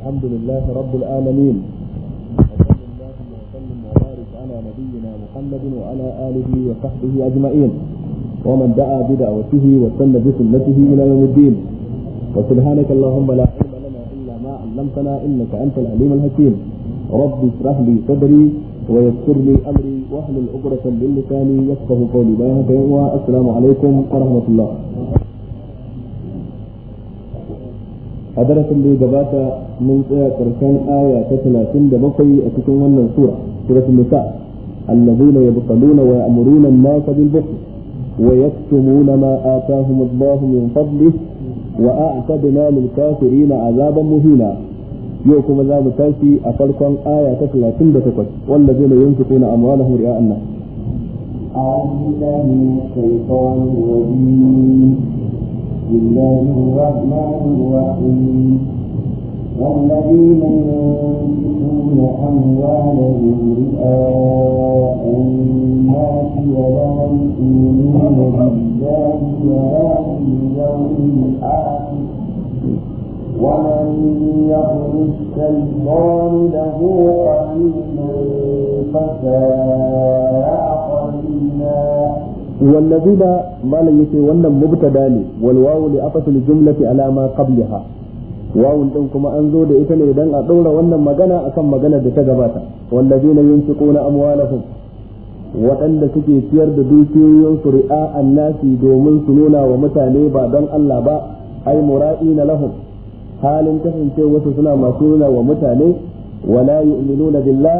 الحمد لله رب العالمين وصلى الله وسلم وبارك على نبينا محمد وعلى اله وصحبه اجمعين ومن دعا بدعوته وسن بسنته الى يوم الدين وسبحانك اللهم لا علم لنا الا ما علمتنا انك انت العليم الحكيم رب اشرح لي صدري ويسر لي امري واحلل عقدة من لساني يفقه قولي ما السلام عليكم ورحمه الله a darasin da ya gabata mun tsaya karshen aya ta da bakwai a cikin wannan sura suratul nisa allazina yabqaluna wa ya'muruna an-nasa bil bukhl wa yaktumuna ma atahum Allah min fadlihi wa a'tadna lil kafirin 'azaban muhina yau kuma za mu tashi a farkon aya ta da takwas wanda zai 38 wallazina yunfiquna amwalahum ri'a'an nas أعوذ بالله من الشيطان الرجيم الله الرحمن الرحيم والذين ينفقون أموالهم رئاء الناس ولا يؤمنون بالله ولا باليوم الآخر ومن يقل الشيطان له قريبا فساء والذين ما لم يكن ون مبتدا لي والواو لأفة الجملة على ما قبلها واو din kuma an zo da ita ne dan a daura wannan magana akan magana da ta gabata wallazina yunfiquna amwalahum waɗanda suke ciyar da dukiyoyin su ri'a annasi domin su nuna wa mutane ba don Allah ba ai mura'ina lahum halin kasance wasu suna masu nuna wa mutane wala yu'minuna billah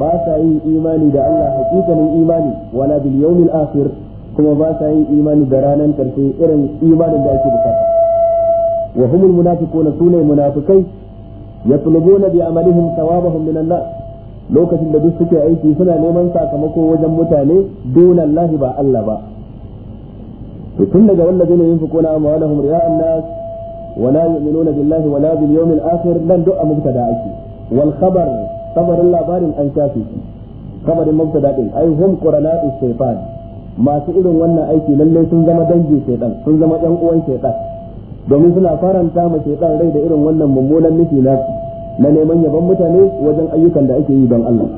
ba sa yin imani da Allah hakikanin imani wala bil yawmil akhir kuma ba sa yin imani da ranar karshe irin imanin da ake bukata wa humul munafiquna sunay munafikai yatlubuna bi amalihim thawabahum min Allah lokacin da duk suke aiki suna neman sakamako wajen mutane dun Allah ba Allah ba to tun daga wallazina yunfiquna amwalahum ri'a'an nas wa la yu'minuna billahi wa la bil yawmil akhir dan du'a mubtada ake wal khabar khabarin labarin an shafi khabarin mubtada din ai hum qurana'u shaytan masu irin wannan aiki lallai sun zama dangin shaitan sun zama ɗan uwan shaitan domin suna faranta ma shaitan rai da irin wannan mummunan nufi na na neman yaban mutane wajen ayyukan da ake yi don Allah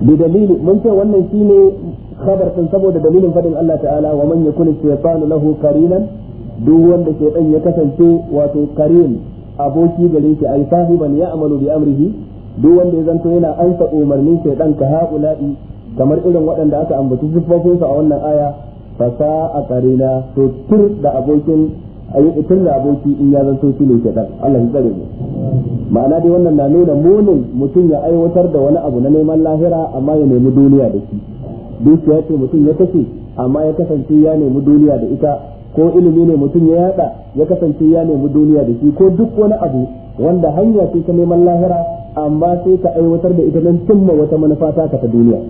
bi dalili mun ce wannan shine khabar din saboda dalilin fadin Allah ta'ala wa man yakun shaytanu lahu karinan duk wanda shaitan ya kasance wato karin aboki gare shi ay sahiban ya'malu bi amrihi duk wanda ya zanto yana ansa umarnin shaitan ka ha'ula'i kamar irin waɗanda aka ambaci siffofinsu a wannan aya fasa a karina to tur da abokin ayyukan da aboki in ya zanto shi ne kedan Allah ya tsare mu ma'ana dai wannan na nuna munin mutum ya aiwatar da wani abu na neman lahira amma ya nemi duniya da shi ya ce mutum ya kashe amma ya kasance ya nemi duniya da ita ko ilimi ne mutum ya yada ya kasance ya nemi duniya da shi ko duk wani abu wanda hanya ce ta neman lahira amma sai ka aiwatar da ita don cimma wata manufa ta ta duniya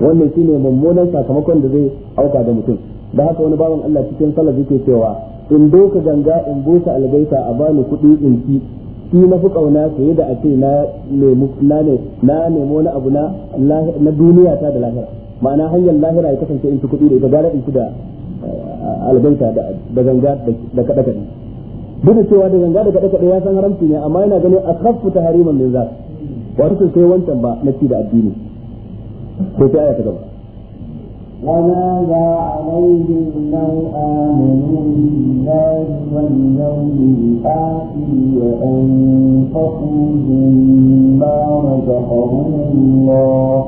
wannan shine mummunan sakamakon da zai auka da mutum da haka wani bawan Allah cikin salafi ke cewa in doka ganga in busa algaita a bani kuɗi in ci shi na fi kauna fiye da a ce na nemi na ne na nemi wani abu na na duniya ta da lahira ma'ana hanyar lahira ya kasance in ci kuɗi da ita gara in ci da eh, algaita da ganga da kaɗe kaɗe duk da cewa da ganga da kaɗe kaɗe ya san haramci ne amma yana ganin a kafu ta hariman min zaka wato sai wancan ba na ci da addini sai ta aya ta gaba وماذا عليهم لو آمنوا بالله واليوم الآخر وأنفقوا مما رزقهم الله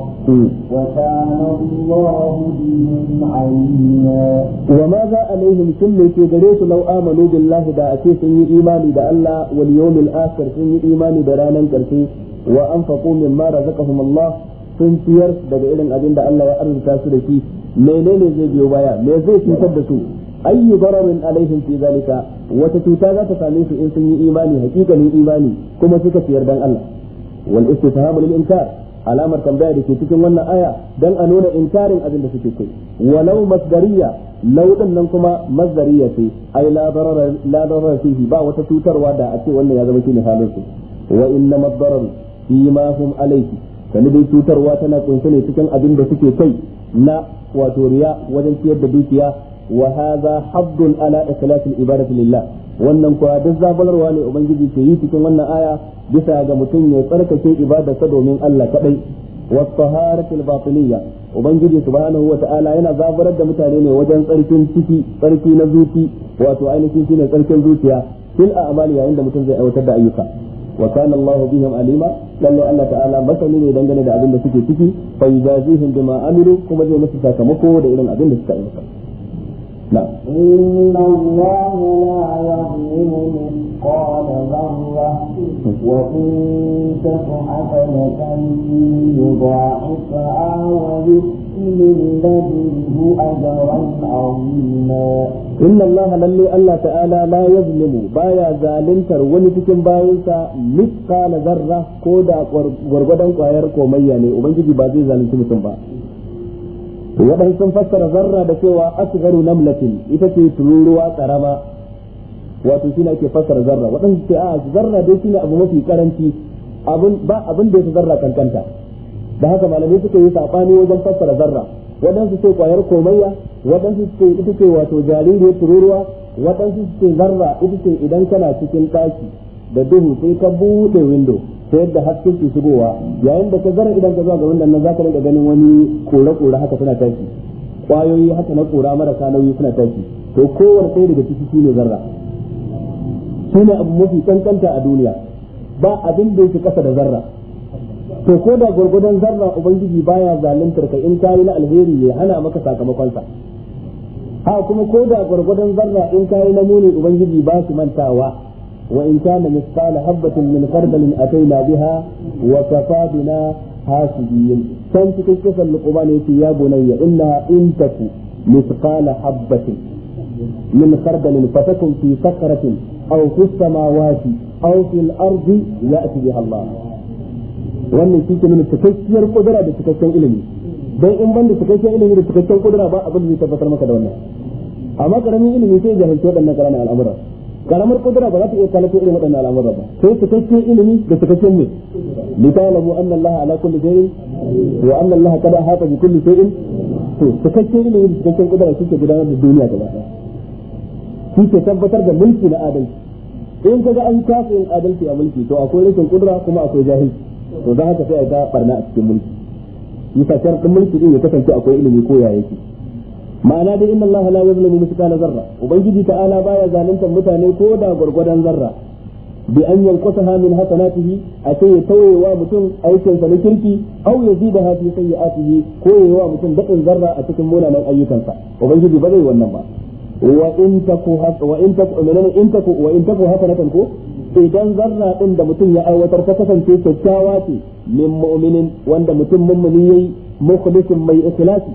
وكان الله بهم عليما وماذا عليهم كل في دريت لو آمنوا بالله دا أتي سني إيماني دا الله واليوم الآخر سني إيماني دا رانا وأنفقوا مما رزقهم الله sun ciyar daga irin abin da Allah ya arzuta su da shi menene zai biyo baya me zai cutar da su ayyu dararin alaihim fi zalika wata cuta za ta same su in sun yi imani hakikanin imani kuma suka ciyar dan Allah wal istifhamu lil inkar alamar tambaya da ke cikin wannan aya dan a nuna inkarin abin da suke kai walau masdariya lauɗin nan kuma masdariya ce ai la darara la darara fihi ba wata cutarwa da a ce wannan ya zama shine halin su wa inna madarar fi ma hum alayhi sani dai cutarwa tana kunshe ne cikin abin da suke kai na wato riya wajen ciyar da dukiya wa hadha haddun ala ikhlasil ibadati lillah wannan kuwa duk zabalarwa ne ubangiji ke yi cikin wannan aya bisa ga mutum ya tsarkake ibadarsa domin Allah kadai wa taharatil batiniyya ubangiji subhanahu ta'ala yana zabarar da mutane ne wajen tsarkin ciki tsarki na zuci wato ainihin shine tsarkin zuciya fil a'mali yayin da mutum zai aiwatar da ayyuka wa kana Allahu bihim alima lallai Allah ta'ala masani ne da abin da suke ciki fa yajazihim bima amilu kuma zai musu sakamako da irin abin da suka aikata لا إن الله لا يظلم مثقال ذرة وإن تك حسنة يضاعفها ويؤتي من لدنه أجرا عظيما inna laha lalle allah ta'ala la yazlimu baya zaluntar wani cikin bayinsa mithqala zarra ko da gwargwadon kwayar komayya ne ubangiji ba zai zalunci mutum ba wadan sun fassara zarra da cewa asgharu namlatin ita ce tururuwa karama wato shine ake fassara zarra wadan ce a zarra dai shine abu mafi karanci ba abin da ya zarra kankanta da haka malamai suka yi saɓani wajen fassara zarra waɗansu ce kwayar komayya waɗansu ce ita ce wato jaririyar tururuwa waɗansu ce zarra ita ce idan kana cikin ɗaki da duhu sai ka buɗe windo ta yadda hasken ke shigowa yayin da ka zara idan ka zuwa ga wannan nan zaka rika ganin wani kore-kore haka suna tashi ƙwayoyi haka na kora marasa nauyi suna tashi to kowanne ɗaya daga ciki shine zarra shine abu mafi kankanta a duniya ba abin da yake kasa da zarra to ko da gurgudan zarra ubangiji baya zaluntar ka in kayi na alheri ya hana maka sakamakon sa ha kuma ko da gurgudan zarra in kayi na muni ubangiji ba su mantawa wa in kana misqala habatin min khardalin ataina biha wa kafa bina hasibiyin san cikin kisan luqman yace ya bunayya inna in taku misqala habatin من خردل فتكن في صخرة أو في السماوات أو في الأرض يأتي بها Allah. wannan shi ke nuna cikakkiyar kudura da cikakken ilimi don in ban da cikakken ilimi da cikakken kudura ba abin da zai tabbatar maka da wannan amma karamin ilimi sai jahilci waɗannan karamin al'amura karamar kudura ba za ta iya kalafin irin waɗannan al'amura ba sai cikakken ilimi da cikakken ne li ta'lamu anna laha ala kulli shay'in wa anna Allah qad haka bi kulli shay'in to cikakken ilimi da cikakken kudura shi ke gudanar da duniya gaba ɗaya shi ke tabbatar da mulki na adalci in kaga an kasa yin adalci a mulki to akwai rashin kudura kuma akwai jahilci to za haka sai a ga barna a cikin mulki yasa sharɗin mulki din ya kasance akwai ilimi ko ya yake ma'ana dai inna allaha la yuzlimu mithqala zarra ubangiji ta'ala baya zaluntar mutane ko da gurgurdan zarra bi an yanqasaha min hasanatihi a sai ya wa mutum aikin sa na kirki aw yazidaha fi sayiatihi ko ya wa mutum daɗin zarra a cikin munanan ayyukansa ubangiji ba zai wannan ba wa in taku idan zarra din da mutum ya aiwatar ta kasance kyakkyawa ce min mu'minin wanda mutum mummuni yayi mukhlisin mai ikhlasi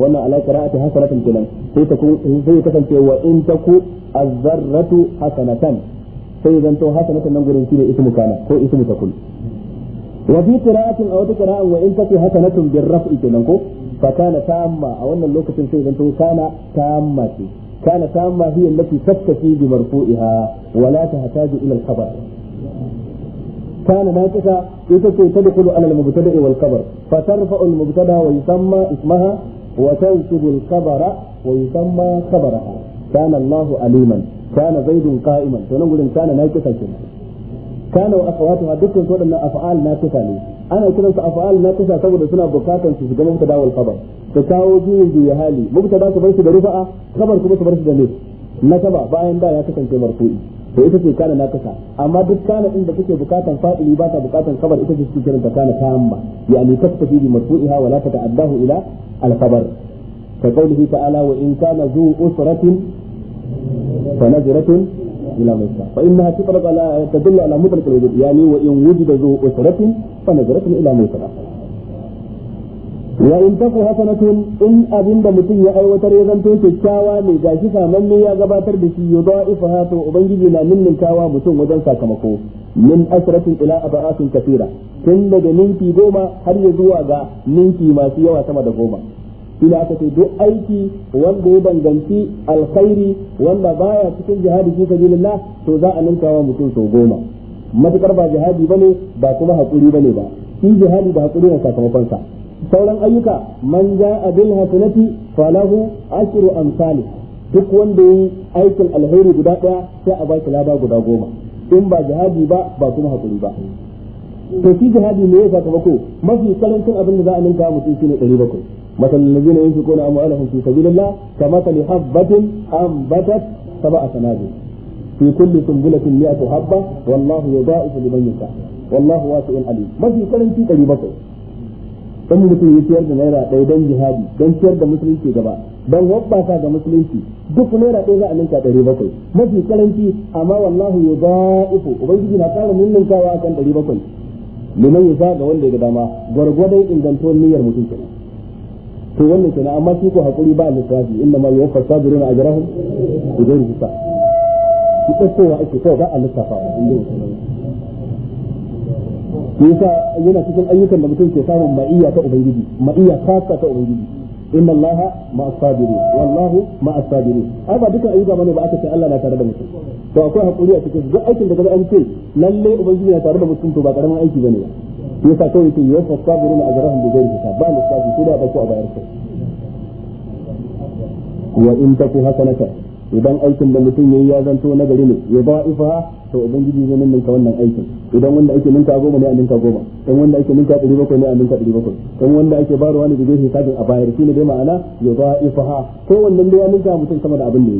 wannan ala qira'ati hasanatan kenan sai ta sai kasance wa in taku zarratu hasanatan sai zan to hasanatan nan shi ko wa fi a aw qira'an wa in haka na bir raf'i kenan ko fa kana tamma a wannan lokacin sai zan to kana tamma ce kana tamma hiya allati tattafi bi marfu'iha wa la tahtaju ila al-khabar كان ناقصة يتسي تدخل على المبتدأ والخبر فترفع المبتدأ ويسمى اسمها وتنسب الخبر ويسمى خبرها كان zaidun عليما to nan قائما فنقول na ناقصة kenan. kana wa akhawatuha dukkan waɗannan af'al na tuka ne ana kiran su af'al na saboda suna bukatar su shiga mubtada wal khabar ta kawo juyin juya hali mubtada su bar su da rufa'a khabar kuma su bar su da ne nasaba bayan da ya kasance marfu'i to ita ce kana na amma duk kana din da kake bukatan fa'ili ba ta bukatan khabar ita ce kiran ta kana tamma yani tattafi bi marfu'iha wa la tata'addahu ila al-khabar ka qawlihi ta'ala wa in kana zu usratin fa nazratun إلى ميسرة فإنها تطلق على تدل على مطلق الوجود يعني وإن وجد ذو أسرة فنظرة إلى ميسرة وإن تكو حسنة إن أبن دمتي أي وتريزن تشكاوى مجاشفة من يا غباتر بشي يضائفها تو أبنجي لا من الكاوى مسوم وجنسا كمكو من أسرة إلى أبعات كثيرة tun daga ninki goma har ya zuwa ga ninki masu yawa sama da goma shi aka ce duk aiki wanda ya danganci alkhairi wanda baya cikin jihadi fi sabilillah to za a ninka wa mutum sau goma matukar ba jihadi bane ba kuma hakuri bane ba shi jihadi da hakuri ne sakamakon sa sauran ayyuka man ja'a bil hasanati falahu ashru amsalih duk wanda yi aikin alheri guda daya sai a baki lada guda goma in ba jihadi ba ba kuma hakuri ba to shi jihadi ne ya sakamako mafi karancin abin da za a ninka mutum shine 700 مثل الذين ينفقون أموالهم في سبيل الله كمثل حبة أنبتت سبع سنابل في كل سنبلة 100 حبة والله يضاعف لمن يشاء والله واسع عليم ما في كلام في قريبكم dan mutum ya ciyar da naira ɗaya don jihadi dan ciyar da musulunci gaba don wabbasa ga musulunci duk naira ɗaya za a ninka ɗari bakwai mafi karanci amma wallahu ya ba'ifu ubangiji na ƙara ninninkawa kan ɗari bakwai liman ya sa ga wanda ya ga dama gwargwadon ingantuwar niyyar mutum kenan to wannan kenan amma shi ko hakuri ba lissafi inna ma yuwaffa sabiruna ajrahum bidon hisab shi tsowa ake kawai ba a lissafa inda shi yasa yana cikin ayyukan da mutum ke samun ma'iyya ta ubangiji ma'iyya khassa ta ubangiji inna allaha ma'as sabirin wallahu ma'as sabirin ai ba dukkan ayyuka bane ba aka ce Allah na tare da mutum to akwai hakuri a cikin duk aikin da kaga an ce lalle ubangiji na tare da mutum to ba karamin aiki bane ba shi yasa kai yake yau fa sabirun ajrahum bi ghairi hisab ba lissafi ko da ba ku a bayar kai wa in taku hasanatan idan aikin da mutum yayi ya zanto nagari ne ya ba da'ifa to ubangiji zai ninka wannan aikin idan wanda ake ninka goma ne a ninka goma dan wanda ake ninka ɗari bakwai ne a ninka ɗari bakwai dan wanda ake barwa ne da zai hisabin a bayar ne dai ma'ana ya ba da'ifa ko wannan da ya ninka mutum sama da abin da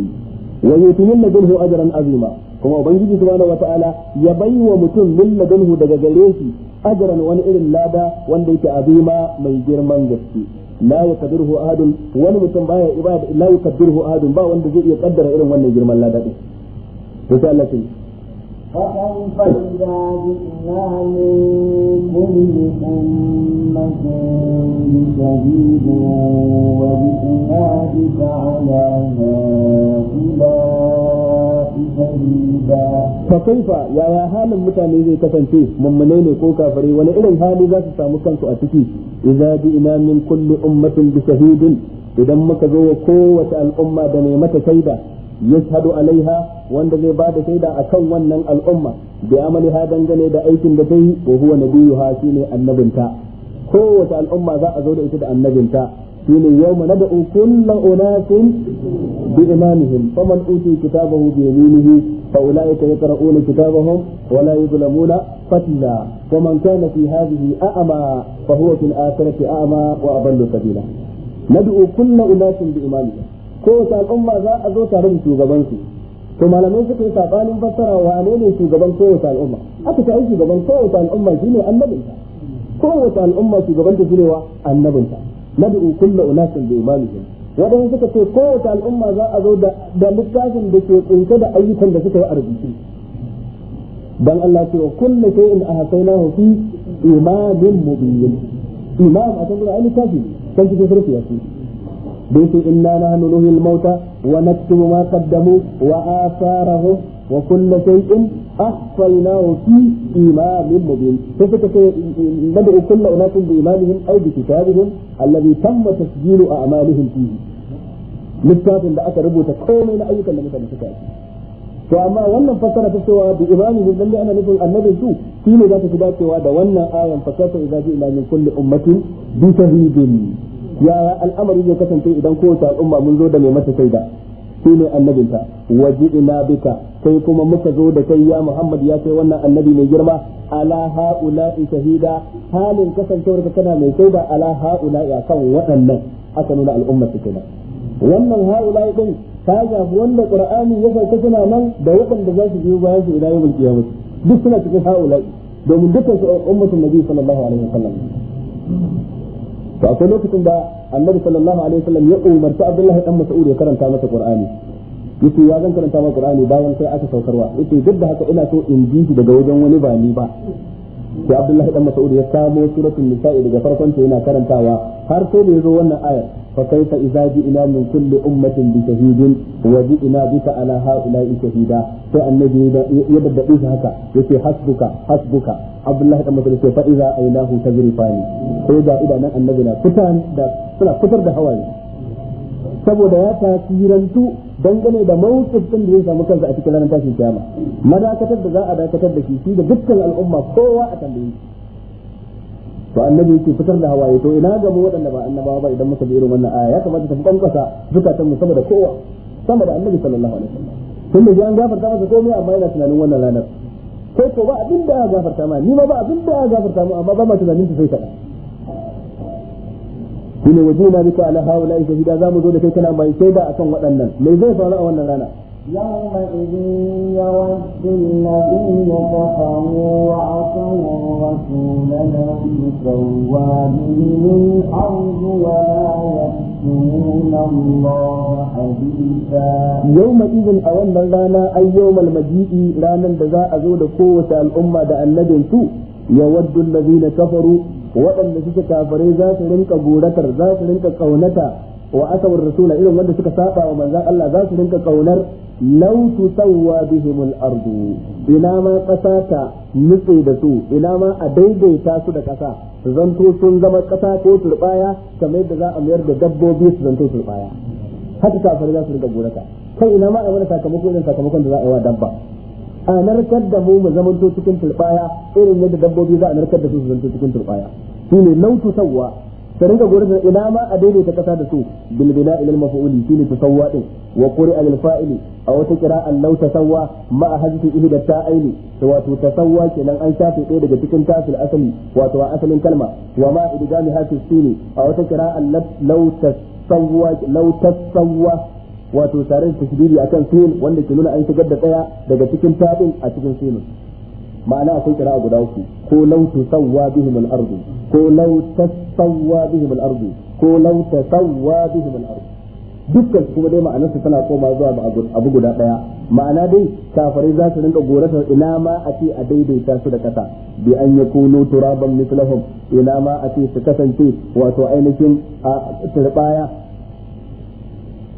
yayi wa yutumin lahu ajran azima kuma ubangiji subhanahu wataala ya bai wa mutum min ladunhu daga gare shi ajran wani irin lada wanda yake azima mai girman gaske la yaqdiruhu ahadun wani mutum baya ibada la yaqdiruhu ahadun ba wanda zai iya kaddara irin wannan girman lada din to sai Allah sai فكيف إذا جئنا من كل أمة بشهيد وجئنا بك على هؤلاء fa yaya halin mutane zai kasance mummune ne ko kafare wani irin hali za su samu kansu a ciki idza ina min kulli ummatin bi shahidin idan muka zo wa kowace al'umma da mai mata shaida yas hadu alaiha wanda zai bada shaida a kan wannan al'umma bi amaliha dangane da aikin da ta yi wa huwa nabiyuha shine annabinta kowace al'umma za a zo da ita da annabinta shine yawma nad'u kullu unasin bi imamihim faman uti kitabahu bi yaminihi fa ulaika yaqra'una kitabahum wa la yuzlamuna fatla wa man kana fi hadhihi a'ma fa huwa fil akhirati a'ma wa adallu sabila nad'u kullu unasin bi imamihim ko ta al'umma za a zo tare da su. to malamai suka yi sabanin fassara wane ne shugaban kowace al'umma aka ta yi shugaban kowace al'umma shine annabinta kowace al'umma shugaban ta shine wa annabinta nad'u kullu unasin bi imamihim wadanda suka ce kowace al'umma za a zo da littafin da ke tsinke da ayyukan da suka yi a rubuce dan Allah ce wa kullu shay'in ahsaynahu fi imamin mubin imam a tambara ai littafi kan cikin inna nahnu nuhil mauta wa naktubu ma وكل شيء أخفيناه في إمام مبين فسكت ندعو كل أناس بإمامهم أو بكتابهم الذي تم تسجيل أعمالهم فيه littafin da aka rubuta komai na ayyukan da mutane suka yi to amma wannan fassara ta cewa bi imamihim lalle ana nufin annabin su shine za ta fi dacewa da wannan ayan fasafa idza ji ila min kulli ummatin bi shahidin ya al'amari zai kasance idan kowace al'umma mun zo da mai mata shaida annabinta waje ina bika kai kuma muka zo da kai ya Muhammad ya kai wannan annabi mai girma ala haula'i shahida halin kasancewar ka kana mai shaida ala haula'i akan waɗannan aka nuna al'umma su kenan wannan haula'i din ta shafi wanda qur'ani ya sauka suna nan da waɗanda za su biyo bayan su ila yawmul qiyamah duk suna cikin haula'i domin dukkan su ummatul nabi sallallahu alaihi wasallam to akwai lokacin da annabi sallallahu alaihi wasallam ya umarci abdullahi dan mas'ud ya karanta masa qur'ani yace ya zan karanta masa qur'ani bayan sai aka saukarwa yace duk da haka ina so in ji shi daga wajen wani ba ni ba sai abdullahi dan mas'ud ya samo suratul nisa'i daga farkon ta yana karantawa har sai da yazo wannan ayar فكيف إذا جئنا من كل أمة بشهيد وجئنا بك على هؤلاء شهيدا فالنبي يبدأ إذهك يقول حسبك حسبك عبد الله بن مسعود فإذا أيناه تجرفان فإذا إذا أن النبي لا فتان لا فتر ده هواي saboda ya tasirantu dangane da mawqif din da zai samu kansa a cikin ranar tashin kiyama madakatar da za a dakatar da shi da dukkan al'umma kowa a tambaye shi to annabi yake fitar da hawaye to ina ga mu waɗanda ba annabawa ba idan muka bi irin wannan aya ya kamata ta kwankwasa zukatan mu saboda kowa sama da annabi sallallahu alaihi wasallam tun da ji an gafarta masa komai amma yana tunanin wannan ranar Sai ko ba abin da gafarta ma ni ma ba abin da gafarta mu amma ba ma tunanin ta sai kada shine wajina bika ala haula shahida zamu zo da kai kana mai shaida akan waɗannan me zai faru a wannan rana a wannan rana ai yawmal maji'i ranar da za a zo da kowace al'umma da annabin su ya waddu allazina kafaru waɗanda suke kafare za su rinka gorakar za su rinka ƙaunata. wa asawar rasula irin wanda suka saba wa manzan Allah za su rinka kaunar law tusawwa bihimul ardu ina ma kasa ta nutse da su ina ma a daidaita su da kasa su zanto sun zama kasa ko turbaya kamar yadda za a mayar da dabbobi su zanto turbaya haka kafar za su rinka goraka kai ina ma a wani sakamako irin sakamakon da za a yi wa dabba a narkar da mu mu zamanto cikin turbaya irin yadda dabbobi za a narkar da su su zanto cikin turbaya shine law tusawwa ka rinka gore da ina ma a daidaita kasa da su bil bina ila al maf'uli shine tasawwa din wa quri'a lil fa'ili a wata qira'an law tasawwa ma a hadithu ihda ta'aini to wato tasawwa kenan an shafe ɗaya daga cikin tafil asali wato a asalin kalma wa ma idgami hafi sini a wata qira'an law tasawwa law tasawwa wato tare da tashdidi akan sin wanda ke nuna an shigar da tsaya daga cikin ta'in a cikin sinin ma'ana akwai qira'a guda uku ko law tusawwa bihim al ardu ko law tasawwa bihim al-ard ko law tasawwa bihim al-ard dukkan kuma dai su tana koma zuwa abu guda daya ma'ana dai kafare za su rinka gorata ina ma a ce a daidaita su da kasa bi an yakunu turaban mislahum ina ma a ce su kasance wato ainihin a turbaya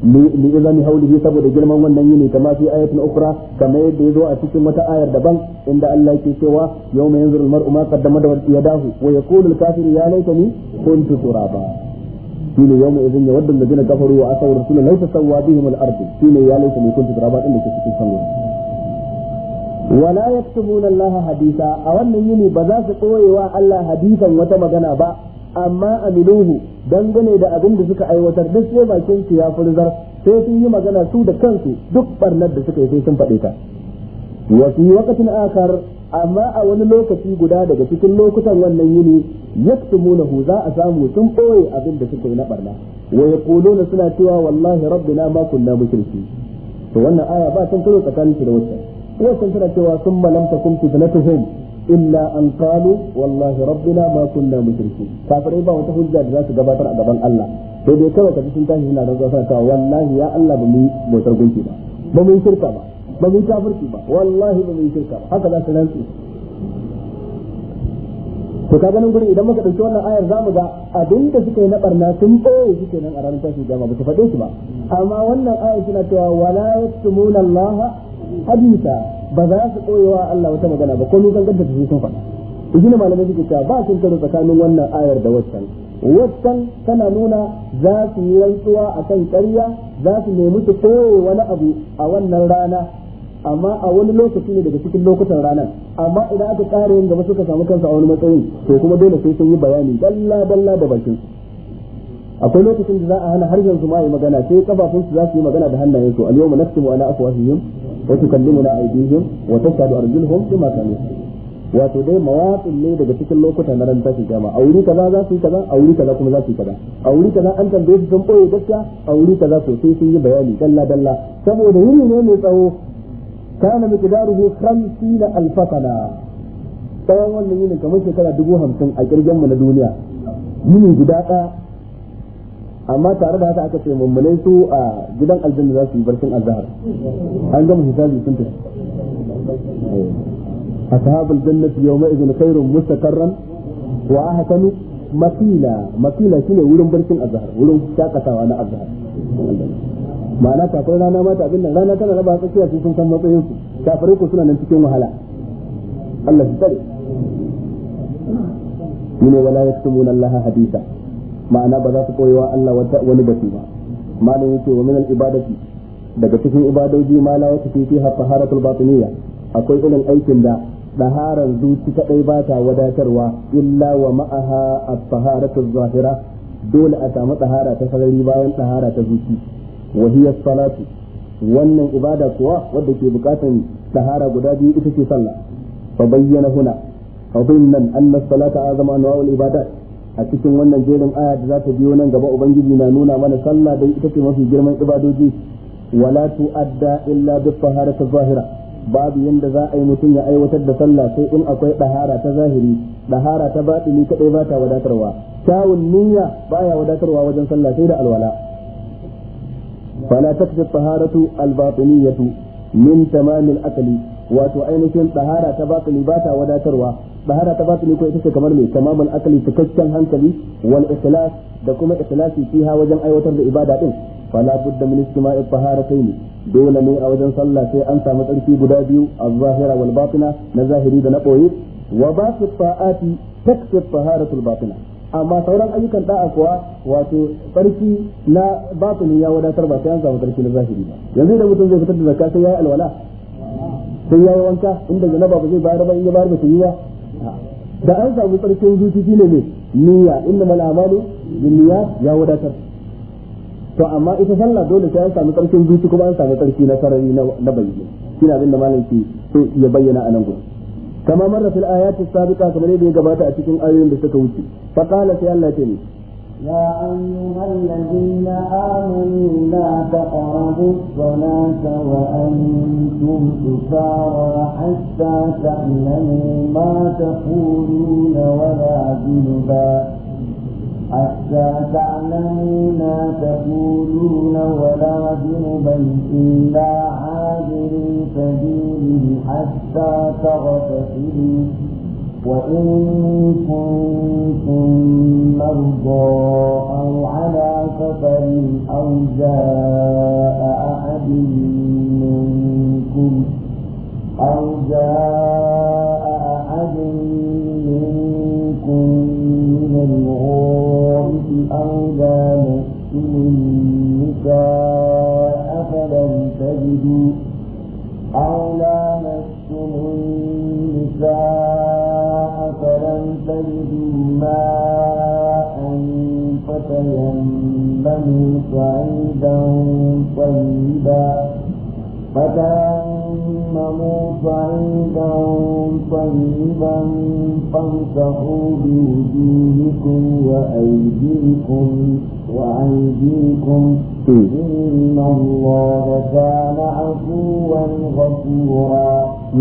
li izami haulihi saboda girman wannan yini kama fi ayatin ukra Kamar yadda zo a cikin wata ayar daban inda Allah ke cewa yawma yanzuru al-mar'u ma qaddama yadahu wa yaqulu al ya laitani kuntu turaba shine yawma idan ya wadda alladhina kafaru wa asaw rasula law tasawwa bihim al-ardu shine ya laitani kuntu turaba din da ke cikin hadisa a wannan yini ba za su Allah hadisan wata magana ba amma amiluhu dangane da abin da suka aiwatar duk sai bakin su ya furzar sai sun yi magana su da kansu duk barnar da suka yi sai sun faɗe ta wasu yi akar amma a wani lokaci guda daga cikin lokutan wannan yini yaktumunahu za a samu sun boye abin da suka yi na barna wa yaquluna suna cewa wallahi rabbina ma kunna mushriki to wannan aya ba san tsakanin shi da wacce wacce tana cewa summa lam takum fitnatuhum إلا أن قالوا والله ربنا ما كنا مشركين كافرين ba wata hujja da za su gabatar a gaban Allah sai dai kawai tafi sun tashi suna rantsuwa suna cewa wallahi ya Allah ba mu yi bautar gunki ba ba mu yi shirka ba ba mu yi ba wallahi ba mu yi shirka ba haka za su to ka ganin gurin idan muka dauki wannan ayar zamu ga abinda suke na barna sun boye suke nan a ranar tashin jama'a ba su faɗe su ba amma wannan ayar suna cewa wala yaktumuna Allah hadisa ba za su koyewa Allah wata magana ba komai ganganta su sun faɗa idan malamai suke cewa ba sun karo tsakanin wannan ayar da waccan waccan tana nuna za su yi rantsuwa a kan ƙarya za su nemi su koye wani abu a wannan rana amma a wani lokaci ne daga cikin lokutan ranar amma idan aka ƙara yin gaba suka samu kansa a wani matsayin to kuma dole sai sun yi bayani dalla dalla da bakin akwai lokacin da za a hana har yanzu ma yi magana sai kafafun su za su yi magana da hannayensu al yawma naktumu ala afwahihim wa tukallimuna aydihim wa tashhadu arjuluhum bima kanu wato dai mawaqin ne daga cikin lokuta na ran tashin jama'a auri kaza za su yi kaza auri kaza kuma za su yi kaza auri kaza an tambaye su sun boye gaskiya auri kaza so sai sun yi bayani dalla dalla saboda yini ne mai tsawo kana miqdaruhu 50 alfasana tsawon wannan yini kamar shekara dubu hamsin a kirgen mu na duniya yini guda ɗaya amma tare da haka aka ce mummunai su a gidan aljanna za su yi barcin azhar an gama hisabi sun tafi eh. ashabul jannati yawma idhin khairun mustaqarran wa ahsanu makila makila shine wurin barcin azhar wurin shakatawa na azhar ma'ana ko rana mata abin nan rana tana raba tsakiya sun san matsayin su kafare ko suna nan cikin wahala Allah shi tare ne wala yaktumuna Allah hadisa ma'ana ba za su koyewa Allah wani batu ba malam yake wa min al-ibadati daga cikin ibadoji ma la yake fi fiha taharatul batiniyya akwai irin aikin da daharar zuci kadai ba ta wadatarwa illa wa ma'aha at-taharatu zahira dole a samu tahara ta sarari bayan tahara ta zuci wa hiya salatu wannan ibada kuwa wadda ke bukatan tahara guda biyu ita ce sallah fa bayyana huna fa bayyana anna salata azama anwa'ul ibadat a cikin wannan jerin aya da za ta biyo nan gaba ubangiji na nuna mana sallah dai ita ce mafi girman ibadoji wala adda illa bi taharati zahira babu yanda za a yi mutum ya aiwatar da sallah sai in akwai dahara ta zahiri dahara ta batini kadai ba ta wadatarwa kyawun niyya baya wadatarwa wajen sallah sai da alwala fala takfi taharatu albatiniyatu min tamamil akli wato ainihin dahara ta batini ba ta wadatarwa bahara ta batini ko ita ce kamar mai tamamul akali cikakken hankali wal ikhlas da kuma ikhlasi fiha wajen aiwatar da ibada din fala budda min istima'i ne dole ne a wajen sallah sai an samu tsarki guda biyu a zahira wal batina na zahiri da na boye wa basu fa'ati takfi taharatul batina amma sauran ayyukan da'a kuwa wato farki na batini ya wadatar ba sai an samu farki na zahiri ba yanzu idan mutum zai fitar da zakka sai yayi alwala sai yi wanka inda janaba ba zai bayar ba in ya bayar ba sai ba da an samu tsarkin zuci shi ne niyya inda mal'amalu amalu niyya ya wadatar to amma ita sallah dole sai an samu tsarkin zuci kuma an samu tsarki na sarari na bayyana shine abin da malam ke ya bayyana a nan gudu kama marra fil ayati sabiqa kamar yadda ya gabata a cikin ayoyin da suka wuce fa qala sai Allah ya ce يا أيها الذين آمنوا لا تقربوا الصلاة وأنتم سكارى حتى تعلموا ما تقولون ولا جنبا حتى تعلموا ما تقولون ولا جنبا إلا عابري سبيل حتى تغتسلوا وإن كنتم مرضى أو على سفر أو جاء أحد منكم أو جاء أحد منكم من الغائب أو لامستم النساء فلم تجدوا أو بني سعيدا طيبا فتيمموا سعيدا طيبا فامسحوا بوجوهكم وأيديكم وأيديكم إن الله كان عفوا غفورا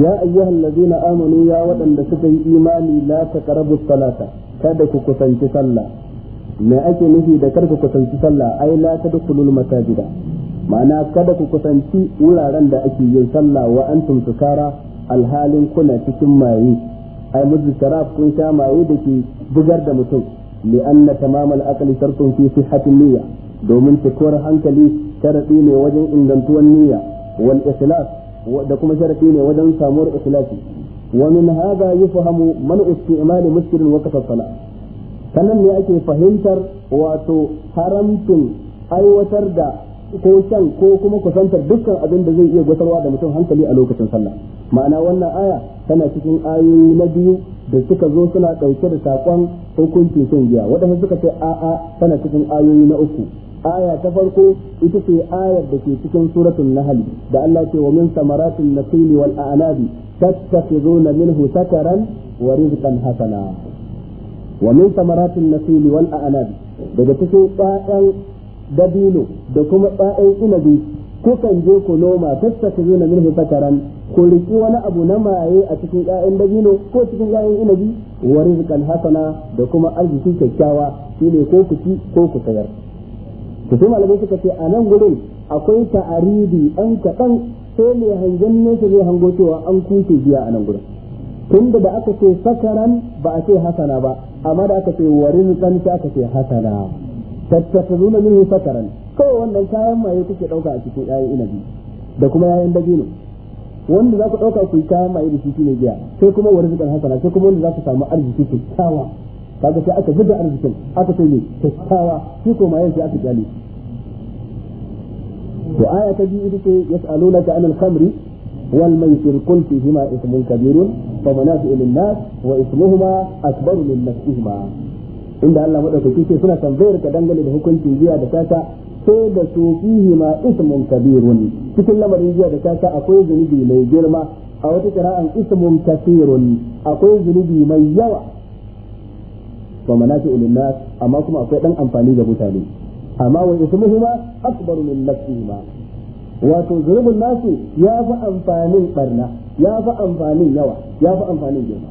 يا أيها الذين آمنوا يا ودن لسكي إيماني لا تقربوا الصلاة كادك كسنت صلى me ake nufi da karka kusanci sallah ai la tadkhulul gida. ma'ana kada ku kusanci wuraren da ake yin sallah wa antum sukara alhalin kuna cikin maye ai muzkara kun sha maye da ke bugar da mutum li anna tamamal aqli shartun fi sihhatin niyya domin cikuwar hankali sharadi ne wajen ingantuwan niyya wal ikhlas da kuma sharadi ne wajen samuwar ikhlasi wa min hadha yufhamu man isti'mal muskirin waqt as nan ne ake fahimtar wato haramtun aiwatar da ko shan ko kuma kusantar dukkan abin da zai iya gusarwa da mutum hankali a lokacin sallah ma'ana wannan aya tana cikin ayoyi na biyu da suka zo suna ɗauke da saƙon hukunci son giya waɗanda suka ce a'a tana cikin ayoyi na uku aya ta farko ita ce ayar da ke cikin suratul nahl da Allah ce wa min samaratin nasili wal a'nabi tattakhizuna minhu sakaran wa rizqan hasana wa min samaratin nasili wal a'nab daga cikin ƴaƴan dabino da kuma ƴaƴan inabi kukan je ku noma na minhu sakaran ku riki wani abu na maye a cikin ƴaƴan dabino ko cikin ƴaƴan inabi wa rizqan hasana da kuma arziki kyakkyawa shine ko ku ci ko ku sayar to sai malamai suka ce a nan gurin akwai ta'aridi ɗan kaɗan sai mai hangen nesa zai hango cewa an kuce biya a nan gurin tunda da aka ce sakaran ba a ce hasana ba amma da aka ce wa rizqan sai aka ce hasana tattakazuna minhu sakaran ko wannan kayan maye kuke dauka a cikin yayin inabi da kuma yayin dabino wanda za ku dauka ku kayan maye da shi ne giya sai kuma wa rizqan hasana sai kuma wanda za ku samu arziki kyakkyawa kaga sai aka gida arzikin aka ce ne kyakkyawa shi ko maye sai aka gani to aya ta biyu ita ce yas'alunaka anil khamri wal maisir qul ma ismun kabirun فمنافع للناس واسمهما اكبر من نفسهما inda Allah madaukaki ce suna tambayar ka dangane da hukunci jiya da sata sai da su fihi ma ismun kabirun cikin lamarin jiya da sata akwai zunubi mai girma a wata kira'an ismun kasirun akwai zunubi mai yawa wa manafi'u linnas amma kuma akwai ɗan amfani ga mutane amma wa ismuhuma akbaru min wato zunubin nasu ya fi amfanin barna ya fi amfanin yawa ya fi amfanin girma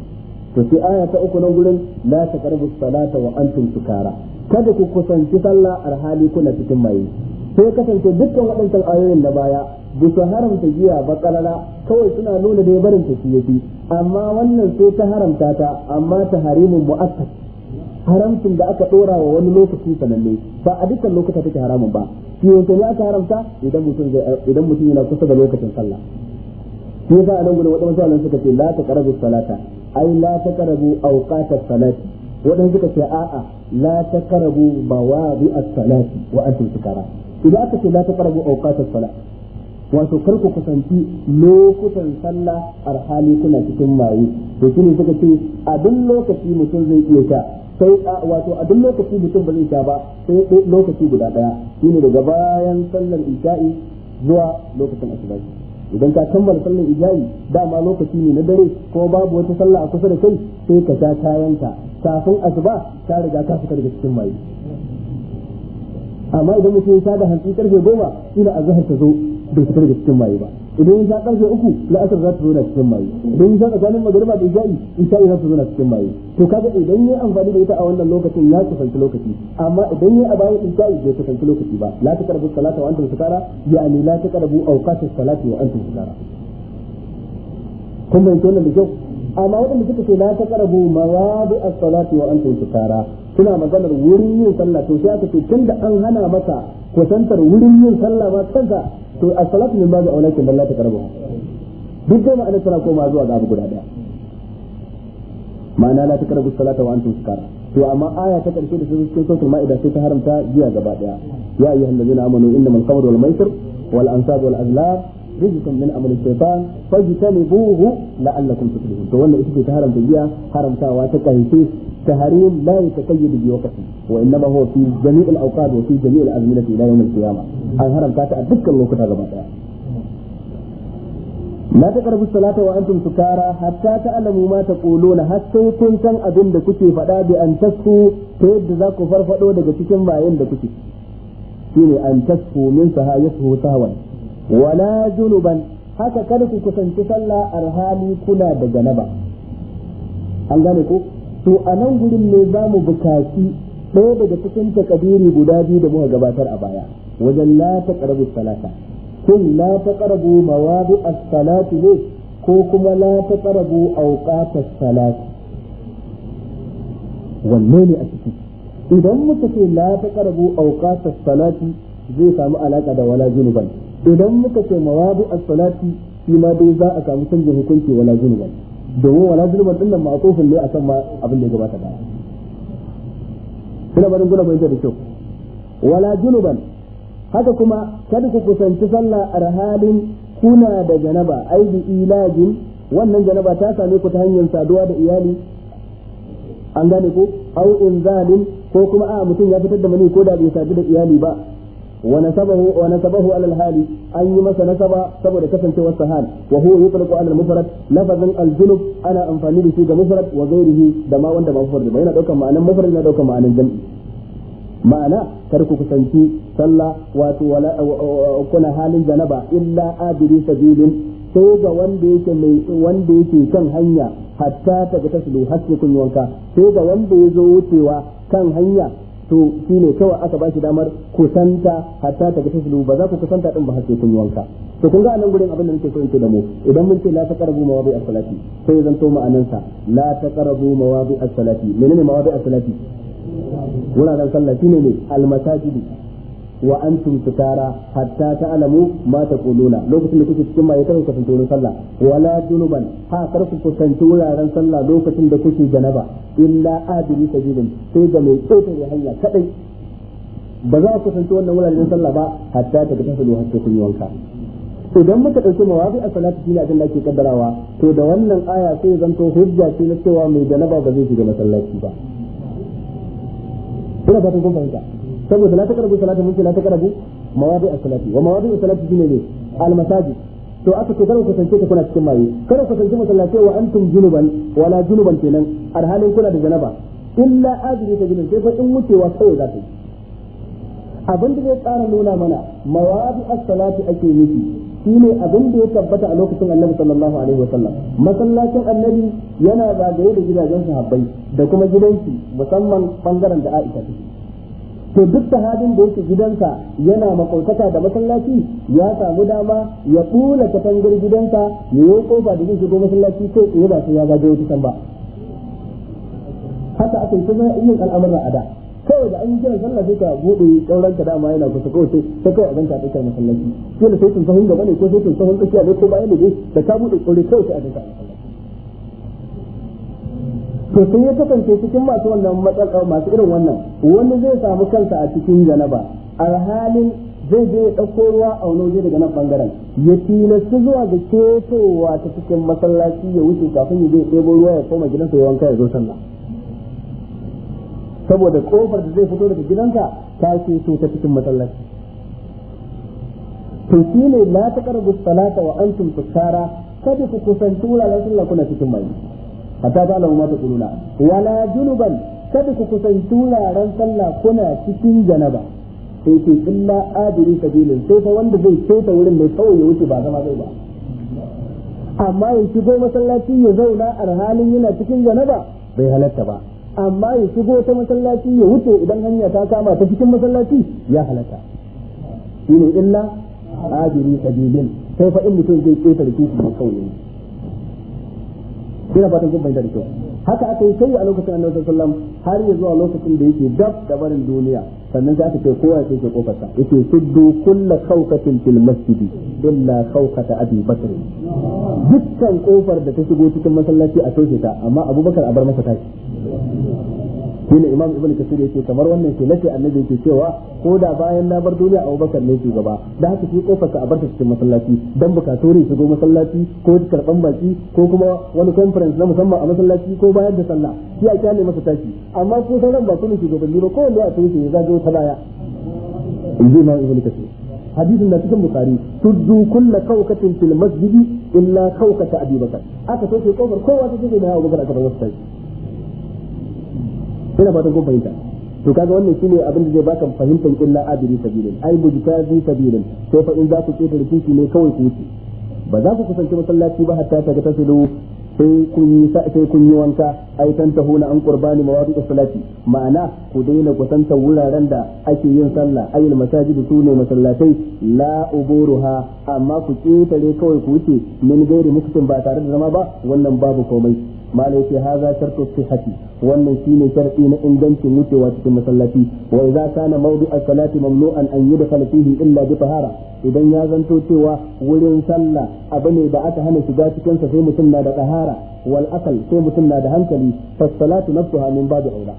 to sai aya ta uku nan gurin la karbu salata wa antum sukara kada ku kusanci sallah alhali kuna cikin maye sai kasance dukkan waɗancan ayoyin na baya ba su haramta giya ba karara kawai suna nuna da barin ta shi amma wannan sai ta haramta ta amma ta harimin mu'akkad haramcin da aka ɗora wa wani lokaci sananne ba a dukkan lokuta take haramun ba shi ne aka haramta idan mutum yana kusa da lokacin sallah shi yasa anan gudu wadansu anan suka ce la taqrabu salata ai la taqrabu awqata salati wadansu suka ce a'a la taqrabu mawadi as-salati wa antum sukara idan aka ce la taqrabu awqata salati wato kar ku kusanci lokutan sallah arhali kuna cikin maye to shine suka ce a duk lokaci mutum zai iya sha sai wato a duk lokaci mutum ba zai sha ba sai lokaci guda daya shine daga bayan sallar isha'i zuwa lokacin asibiti. idan ka kammala sallar ijayi dama lokaci ne na dare ko babu wata sallah a kusa da kai sai ka sha kayanka kafin asuba ka riga ka fita daga cikin maye amma idan mutum ya da hantsi karfe goma ina azhar ta zo bai fita daga cikin maye ba idan ya sha karfe uku la'asar za ta zo na cikin maye idan ya sha tsakanin magariba da isha'i isha'i za ta zo na cikin maye to kaga idan ya amfani da ita a wannan lokacin ya kusanci lokaci amma idan ya a bayan isha'i bai kusanci lokaci ba la ta karbu salata wa antum sukara ya'ani la ta karbu awqatus salati wa antum sukara kun bai tona da kyau amma waɗanda suka ce la ta karbu mawadi as-salati wa antum sukara suna maganar wurin yin sallah to sai aka ce tunda an hana masa kusantar wurin yin sallah ma kansa to a salatu min babu aula balla ta karabu duk da ma'ana tana koma zuwa ga guda daya ma'ana la ta karabu salata wa antum sukara to amma aya ta karshe da cikin sautul ma'ida sai ta haramta jiya gaba daya ya ayyuhallazina amanu innamal khamru wal maisir wal ansab wal azlam rizqan min amali shaytan fajtanibuhu la'allakum tuflihun to wannan ita ce ta haramta giya haramtawa ta karshe تهريم لا يتقيد بوقته وانما هو في جميع الاوقات وفي جميع الازمنه الى يوم القيامه ان هرم كاتا اتذكر لوكتا غبا لا تقربوا الصلاة وأنتم سكارى حتى تعلموا ما تقولون حتى كن كان أبن دا كتي فدا بأن تسكوا تيد ذاك فرفدو دا كتي كم باين دا كتي أن تسكوا من سها يسهو سهوا wala junuban haka kada ku kusanci sallah arhali kula da janaba an gane ku? to a nan gurin ne za mu bukaci ɗaya daga cikin takabiri guda biyu da muka gabatar a baya wajen la taqrabu salata kun la taqrabu mawadi as-salati ne ko kuma la taqrabu awqat as-salati wanne ne a ciki idan muka ce la taqrabu awqat as-salati zai samu alaka da wala junuban idan muka ce mawadu a salati shi ma dai za a samu canjin hukunci wala zunuban domin wala zunuban din nan ma akofin ne akan ma abin da ya gabata ba kuna barin guna bayyana da kyau wala zunuban haka kuma kada ku kusanci sallah a halin kuna da janaba ai bi ilajin wannan janaba ta same ku ta hanyar saduwa da iyali an gane ko au inzalin ko kuma a mutum ya fitar da mani ko da bai sadu da iyali ba wa nasabahu wa hali an yi masa nasaba saboda kasancewar sa hal wa huwa yutlaqu ala al-mufrad lafazan al-junub ana amfani da shi ga mufrad wa ghairihi da ma wanda ba mufrad ba yana daukar ma'anan mufrad yana daukar ma'anan jam'i ma'ana kar ku kusanci sallah wato wala halin janaba illa adiri sabilin sai ga wanda yake mai kan hanya hatta ta ga taslu haske kun wanka sai ga wanda ya zo wucewa kan hanya to shi ne kawai aka ba shi damar kusanta hatta ta gasa ba za ku kusanta din ba har sai kun yi wanka to kun ga anan gurin abin da nake so in ce da mu idan mun ce la taqrabu mawadi as-salati sai zan to ma'anan sa la taqrabu mawadi as-salati menene mawadi as-salati wuraren sallah shine ne al-masajidi wa an tuntutara, hatta ta ta'lamu ma taquluna lokacin da kuke cikin mai kai kasance wurin sallah wala junuban ha kar ku kasance wuraren sallah lokacin da kuke janaba illa adili sabilin sai da mai tsotare hanya kadai ba za ku kasance wannan wuraren sallah ba hatta ta ga tafi har sai kun yi wanka idan muka ɗauki mawabi a salatu shi ne abin da ake kaddarawa to da wannan aya sai zanto hujja ce na cewa mai janaba ba zai shiga masallaci ba ina fatan kun fahimta saboda la taqrabu salata mun ce la taqrabu mawadi as-salati wa mawadi as-salati shine ne al-masajid to aka ce kada ku kasance ta kuna cikin maye kada ku kasance masallaci wa antum junuban wala junuban kenan alhalin kuna da janaba illa azri ta junub sai fa in wucewa kawai za ta yi abin da zai tsara nuna mana mawadi as-salati ake nufi shine abin da ya tabbata a lokacin annabi sallallahu alaihi wa sallam masallacin annabi yana zagaye da gidajen sahabbai da kuma gidansu musamman bangaren da Aisha take to duk sahabin da yake gidansa yana makaukata da masallaci ya samu dama ya kula katangar gidansa ya yi kofa da zai shigo masallaci ko tsaye ba sai ya gaje wata can ba haka aka yi ta yin al'amuran a da kawai da an yi jiran sallah sai ka bude kauranka ka dama yana kusa kawai sai kawai a ganka ɗaukar masallaci sai da sai tun sahun gaba ne ko sai tun sahun tsakiya ne ko bayan da dai da ka bude kauri kawai sai a ɗaukar masallaci to sun ya kasance cikin masu wannan matsalar eh, masu irin wannan wani zai samu kansa a cikin janaba alhalin zai je ya ɗauko ruwa a wani waje daga nan bangaren ya tilasta zuwa ga ketowa ta cikin masallaci ya wuce kafin ya zai ɗebo ruwa ya koma gidansa ya wanka ya zo sallah saboda kofar da zai fito daga gidansa ta keto ta cikin masallaci to ne la taqrabu salata wa antum tukara kada ku kusantu la sallah kuna cikin mai hatta ta alamu ma ta kuluna wala junuban kada ku kusanci wuraren sallah kuna cikin janaba sai ce illa adiri sabilin sai fa wanda zai keta wurin mai kawai ya wuce ba zama zai ba amma ya shigo masallaci ya zauna a halin yana cikin janaba bai halatta ba amma ya shigo ta masallaci ya wuce idan hanya ta kama ta cikin masallaci ya halatta shine illa adiri sabilin sai fa in mutum zai keta rikici mai kawai ina fatan kun bayyana da kyau haka aka yi a lokacin annabi sallallahu alaihi wasallam har ya a lokacin da yake dab da barin duniya sannan za kai ce kowa ya kai kofar sa yake tuddu kullu khawfatin fil masjid illa kaukata abi bakr dukkan kofar da ta shigo cikin masallaci a toshe amma abubakar a bar masa taki shine imam ibn kasir yake kamar wannan ke nace annabi yake cewa ko da bayan na bar duniya abubakar ne shugaba da haka shi kofar ka a barta cikin masallaci dan bukatu ne shigo masallaci ko karban baki ko kuma wani conference na musamman a masallaci ko bayar da sallah shi a kyale masa tashi amma ko sauran ba kuma shugabanni ba ko wanda ya tsaye ya zagayo ta baya inji imam ibn kasir hadisin da cikin bukari tuddu kulla kaukatin fil masjidi illa kaukata abi bakar aka soke kofar kowa ta ce da ya abubakar aka bar wasu ina fatan kun fahimta to kaga wannan shine abin da zai baka fahimtar illa abiri sabilin ai mujtazi sabilin sai fa in za ku ce da ne kawai ku wuce ba za ku kusanci masallaci ba hatta ta ga tasilu sai kun yi sai kun yi wanka ai na an qurbani mawadi'us salati ma'ana ku daina kusantar wuraren da ake yin sallah ayil masajidu sune masallatai la uburuha amma ku ketare kawai ku wuce min gairi muktin ba tare da zama ba wannan babu komai malai ce haza shartu sihhati wannan shine sharti na ingancin wucewa cikin masallaci wa idza kana mawdu'u salati mamnu'an an yudkhal fihi illa bi tahara idan ya zanto cewa wurin sallah abu ne da aka hana shiga cikin sa sai mutum na da tahara wal akal sai mutum na da hankali fa salatu nafsuha min babu aula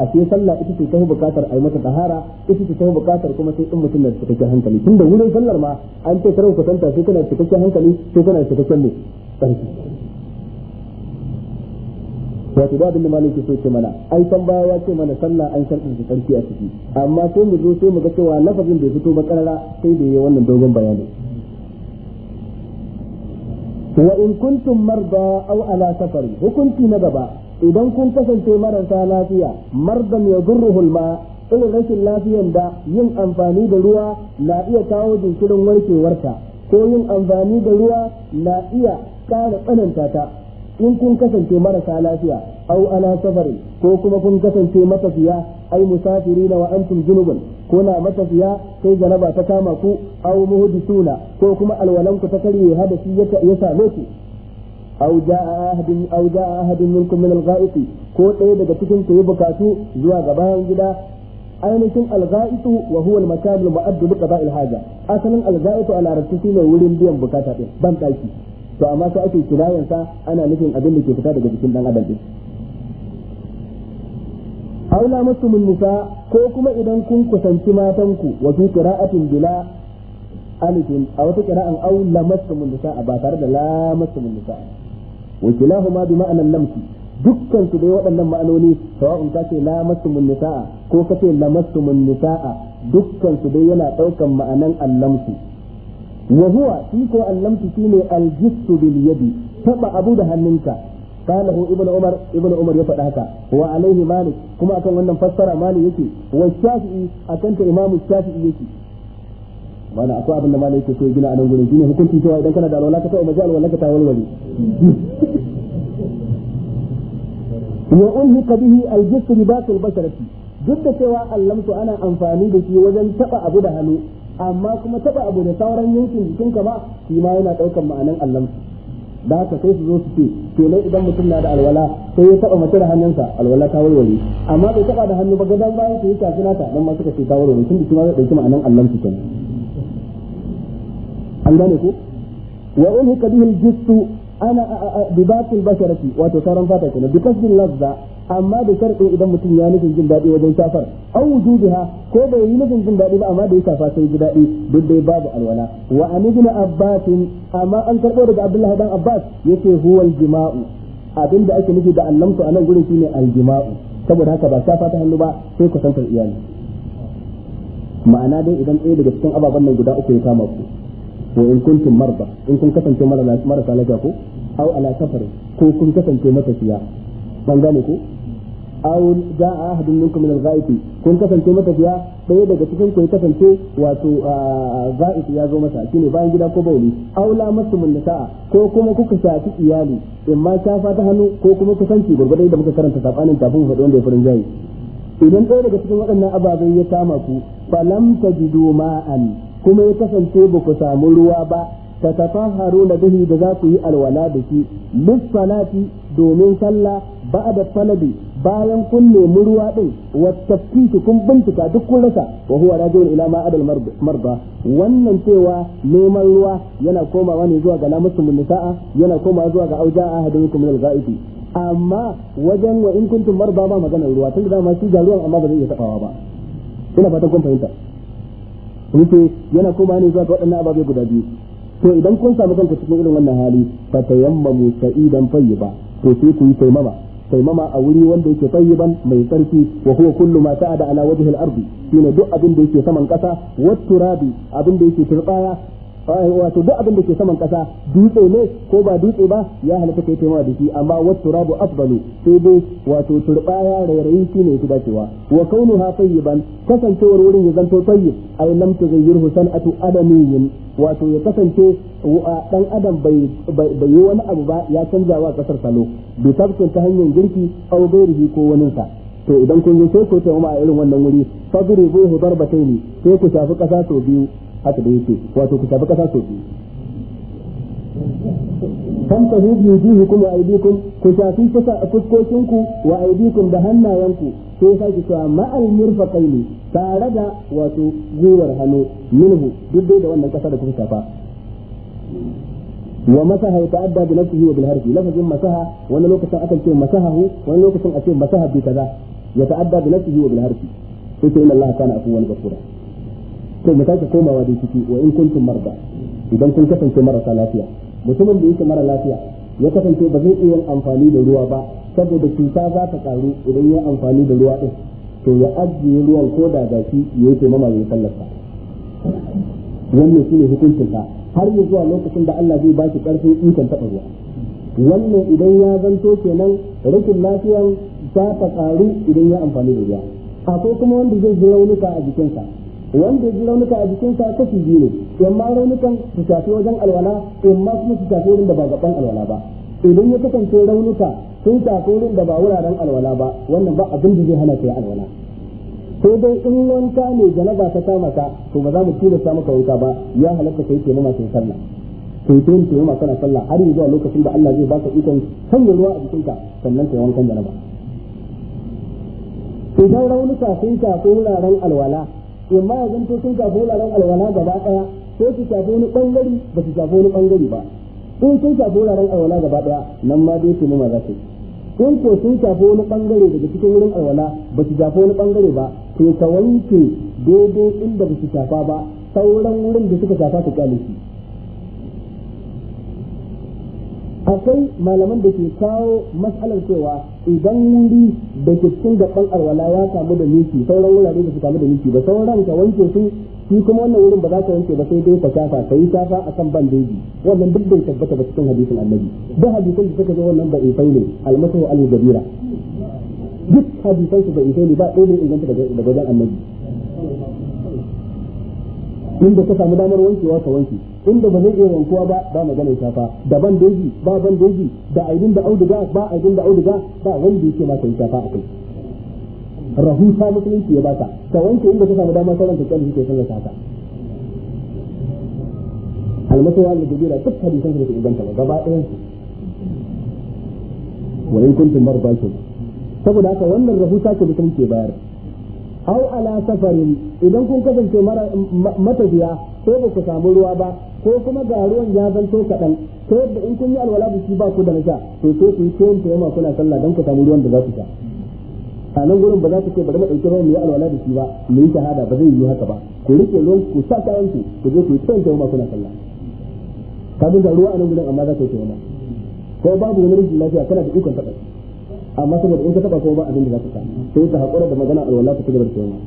ashe sallah ita ce tafi bukatar a yi mata tahara ita ce tafi bukatar kuma sai in mutum na cikakken hankali tunda wurin sallar ma an ce karin kusanta sai kana cikakken hankali sai kana cikakken ne wato da abin da malam ke ce mana ai san baya ya ce mana sallah an sharɗin su sarki a ciki amma sai mu zo sai mu ga cewa lafazin bai fito ba karara sai da yi wannan dogon bayani wa in kuntum marda aw ala safari hukunci na gaba idan kun kasance marasa lafiya mardan yadurruhul ma irin rashin lafiyan da yin amfani da ruwa na iya kawo jinkirin warkewarta ko yin amfani da ruwa na iya ƙara tsananta ta in kun kasance marasa lafiya au ala safarin ko kuma kun kasance matafiya ai musafirina wa antum junubun kuna matafiya sai janaba ta kama ku au muhdisuna ko kuma alwalan ku ta karye hadasi ya same ku au jaa ahadin au jaa ahadin minkum min ko ɗaya daga cikin ku bukatu zuwa ga bayan gida ainihin alga'itu wa huwa al-makan al-mu'addu haja asalin alga'itu a larabci shine wurin biyan bukata din ban daki to amma sai ake kinayan sa ana nufin abin da ke fita daga jikin dan adam din aula masumun nisa ko kuma idan kun kusanci matan ku wa fi qira'atin bila alifin a wata qira'an aula masumun nisa ba tare da la masumun nisa wa kilahuma bi ma'anan lamsi dukkan su dai waɗannan ma'anoni sawa'un ka ce la masumun nisa ko ka ce la masumun nisa dukkan su dai yana daukan ma'anan allamsu wa huwa shi ko allamtu shine aljistu bil yadi taba abu da hannunka قاله ابن عمر ابن عمر يفعل هكا وعليه مالك كما أكن أن فسر مالك يكي والشافعي أكنت إمام الشافعي يكي وانا أقوى أبن مالك يكي يجينا أنا أقول جينا هكنت سوى إذا كان دعوا لك تأو مجال ولا كتاو الولي وأنهك به الجسد باقي البشرة جد سوى علمت أنا أنفاني بشي وزن تقع أبو دهنو amma kuma taba abu da sauran yankin jikinka ba shi ma yana daukan ma'anan allamsu da haka sai su zo su ce kenan idan mutum na da alwala sai ya taba mace da hannunsa alwala ta warware amma bai taba da hannu ba gadan bayan su yi kafina ta dan ma suka ce ta warware tun da shi ma zai dauki ma'anan allamsu kenan an gane ko wa ulhika bihi jissu ana bibatil basharati wato sauran fata kenan bi kasbil lazza amma da sharɗi idan mutum ya nufin jin daɗi wajen shafar an ha ko bai yi nufin jin daɗi ba amma da ya shafa sai ji daɗi duk dai babu alwala wa an ibn amma an karɓo daga abdullahi dan abbas yace huwal jima'u abinda ake nufi da allamtu a nan gurin shine aljima'u saboda haka ba shafa ta hannu ba sai kusantar iyali ma'ana dai idan ɗaya daga cikin ababen nan guda uku ya kama ku ko in kuntum marba in kun kasance marasa lafiya ko au ala safar ko kun kasance matafiya ban gane ku aw jaa ahadun minkum min al-ghaib kun kasance matafiya daya daga cikin ku ya kasance wato ghaib ya zo masa shine bayan gida ko bauli aw la masumun nisaa ko kuma kuka shafi iyali in ma shafa ta hannu ko kuma kusanci gurgurai da muka karanta sabanin kafin faɗi wanda ya furin jayi idan ɗaya daga cikin waɗannan ababen ya kama ku falam tajidu ma'an kuma ya kasance ba ku samu ruwa ba Haruna bihi da za ku yi alwala da shi lissalati domin sallah da talabi bayan kun nemi ruwa din wa tafkitu kun bincika duk kun rasa wa huwa rajul ma adal marda wannan cewa neman ruwa yana komawa ne zuwa ga lamusul nisaa yana komawa zuwa ga auja ahadukum min al-gha'ibi amma wajen wa in ba magana ruwa tun da ma shi ga ruwan amma ba iya ba fatan kun fahimta yana komawa ne zuwa ga waɗannan guda biyu to idan kun samu kanku cikin irin wannan hali fa tayammamu sa'idan tayyiba to sai ku yi taimama taimama a wuri wanda yake tayyiban mai tsarki wa huwa kullu ma ta'ada ala wajhi al-ardi shine duk abin da yake saman kasa wat turabi abin da yake turbaya wato duk abin da ke saman kasa dutse ne ko ba dutse ba ya halatta kai taimawa da shi amma wat turabu afdalu sai dai wato turbaya rairayi ne yake dacewa wa ha tayyiban kasancewar wurin ya zanto tayyib ay lam tughayyirhu san'atu adamiyin wato ya kasance dan adam bai yi wani abu ba ya canza wa kasar salo bi tabkin ta hanyar girki aw gairihi ko waninsa to idan kun yi sai ko taimawa a irin wannan wuri fadribuhu darbataini sai ku shafi kasa sau biyu haka da yake wato ku shafi kasa sau biyu kan tahu bi wujuhikum wa aydikum ku shafi kusa a fuskokinku wa aydikum da hannayenku sai sake cewa ma'al murfaqaini tare da wato gwiwar hannu minhu duk da wannan kasa da kuka shafa wa masaha ya ta'adda bi nafsihi wa bil harfi lafazin masaha wani lokacin akan ce masahahu wani lokacin a ce masaha bi kaza ya ta'adda bi nafsihi wa bil harfi sai inna allaha kana afuwan gafura. to mu sake komawa da ciki wa in kuntum marda idan kun kasance marasa lafiya mutumin da yake mara lafiya ya kasance ba zai iya amfani da ruwa ba saboda cuta za ta karu idan ya amfani da ruwa din to ya ajiye ruwan ko da gashi ya yi taimama ya sallarsa wannan shine hukuncin ka har ya zuwa lokacin da Allah zai ba shi in ikon taɓa ruwa wannan idan ya zanto kenan rikin lafiyan za ta karu idan ya amfani da ruwa akwai kuma wanda zai ji raunuka a jikinsa wanda ya ji raunuka a sa kashi biyu ne ma raunukan su shafi wajen alwala ma kuma su shafi wurin da ba gaban alwala ba idan ya kasance raunuka sun shafi wurin da ba wuraren alwala ba wannan ba abin da zai hana ka yi alwala sai dai in wanka ne janaba ta kama ka to ba za mu tura sa maka wanka ba ya halatta kai ke nuna sallah kai ke ke nuna kana sallah har zuwa lokacin da Allah zai baka ikon sanya ruwa a jikinka sannan yi wankan janaba idan raunuka sun shafi wuraren alwala imma ya zanto sun shafi wuraren alwala gaba daya ko su shafi wani bangare ba su shafi wani bangare ba in sun shafi wuraren alwala gaba daya nan ma dai tunuma za su in ko sun shafi wani bangare daga cikin wurin alwala ba su shafi wani bangare ba to ka wanke daidai inda ba su shafa ba sauran wurin da suka shafa su kyale shi akwai malaman da ke kawo matsalar cewa idan wuri da ke cikin gaban alwala ya samu da miki sauran wurare da su samu da miki ba sauran ka wanke su shi kuma wannan wurin ba za ka wanke ba sai dai ka shafa ka yi shafa ban bandeji wannan duk bai tabbata ba cikin hadisin annabi duk hadisan da suka zo wannan ba in ne almasahu al-jabira duk hadisan su ba in ne ba ɗaya ne inganta daga wajen annabi inda ka samu damar wankewa ka wanke inda ba zai iya wankuwa ba ba magana shafa da ban doji ba ban doji da aidin da auduga ba aidin da auduga ba wanda yake ma kai shafa akai rahusa musulunci ya baka ka wanke inda ka samu damar sauran ka kyan shi ke ta ka almasawa da jabira duk hadisan da ke inganta ba gaba ɗayan su wa in kuntum mardakum saboda haka wannan rahusa ce musulunci ya bayar Hau ala safarin idan kun kasance matafiya ko ba ku samu ruwa ba ko kuma ga ruwan ya zanto kaɗan ko yadda in kun yi alwala da shi ba ku da nasha to sai ku yi tuwon tayyama kuna sallah don ku samu ruwan da za ku sha a nan gurin ba za ku ce bari mu ɗauki ruwan mu yi alwala da shi ba mu yi shahada ba zai yi haka ba ku rike ruwan ku sa kayan ku ku je ku yi tuwon ku kuna sallah ka ga ruwa a nan gurin amma za ka yi tayyama ko babu wani rikin lafiya kana da ikon taɓa amma saboda in ka taba kuma ba abin da za ka sa sai ka hakura da magana alwala ta cigaba da kewa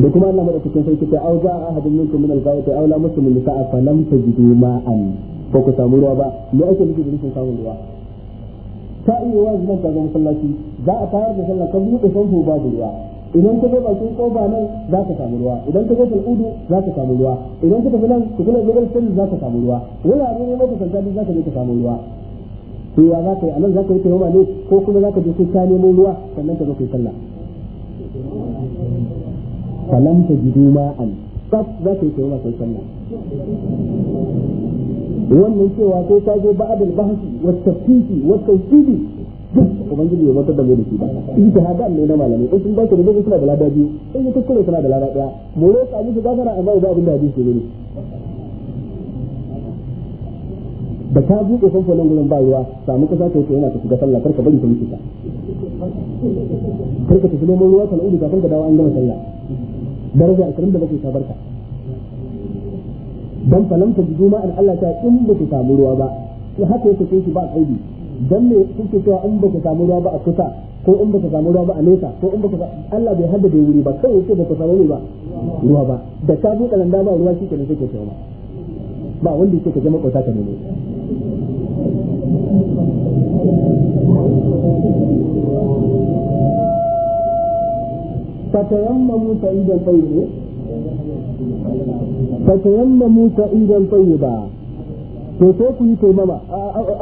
da kuma Allah madaukakin sai kike au za ahadun minkum min al-ghaibi au la musum min sa'a lam tajidu ma'an ko ku samu ruwa ba me ake nufi da nufin samun ruwa ta iya wa zuwa ga masallaci za a tayar da sallah kan buɗe famfo ba ruwa idan ka zo sun kofa nan za ka samu ruwa idan ka zo udu za ka samu ruwa idan ka tafi nan ka kula da gurbin za ka samu ruwa abu ne makusanta duk za ka je ka samu ruwa to ya za ka yi anan za ka yi taimama ne ko kuma za ka je sai ka nemo ruwa sannan ka zo kai sallah falam ta jidu ma an tsaf za ka yi taimama kai sallah wannan cewa ko ta zo ba'adul bahsi wa tafsiri wa tawqidi duk ubangiji ya mantar da mu da shi ba shi ta hada ne na malami in sun ba su rubutu suna da lada biyu in ya kuskure suna da lada daya mu roƙa musu gafara amma ba abin da hadisi ne da ta buɗe famfo nan gurin ba ruwa samu kasa kai yana ta shiga sallah karka bari ta wuce ka karka tafi neman ruwa ta na'udu kafin ka dawo an gama sallah daraja 27 ta barka dan falam ta juma an Allah ta in ba ku samu ruwa ba sai haka yake ce shi ba kaidi dan me kuke cewa in ba ku samu ruwa ba a kusa ko in ba ku samu ruwa ba a nesa ko in ba ku Allah bai haddade wuri ba kai yake ba ku samu ba ruwa ba da ka buɗe landa ba ruwa shi kenan sai ke cewa ba wanda yake ka je makwata ka nemo فتيمموا سعيدا طيبا فتيمموا سعيدا طيبا to ko ku yi taimama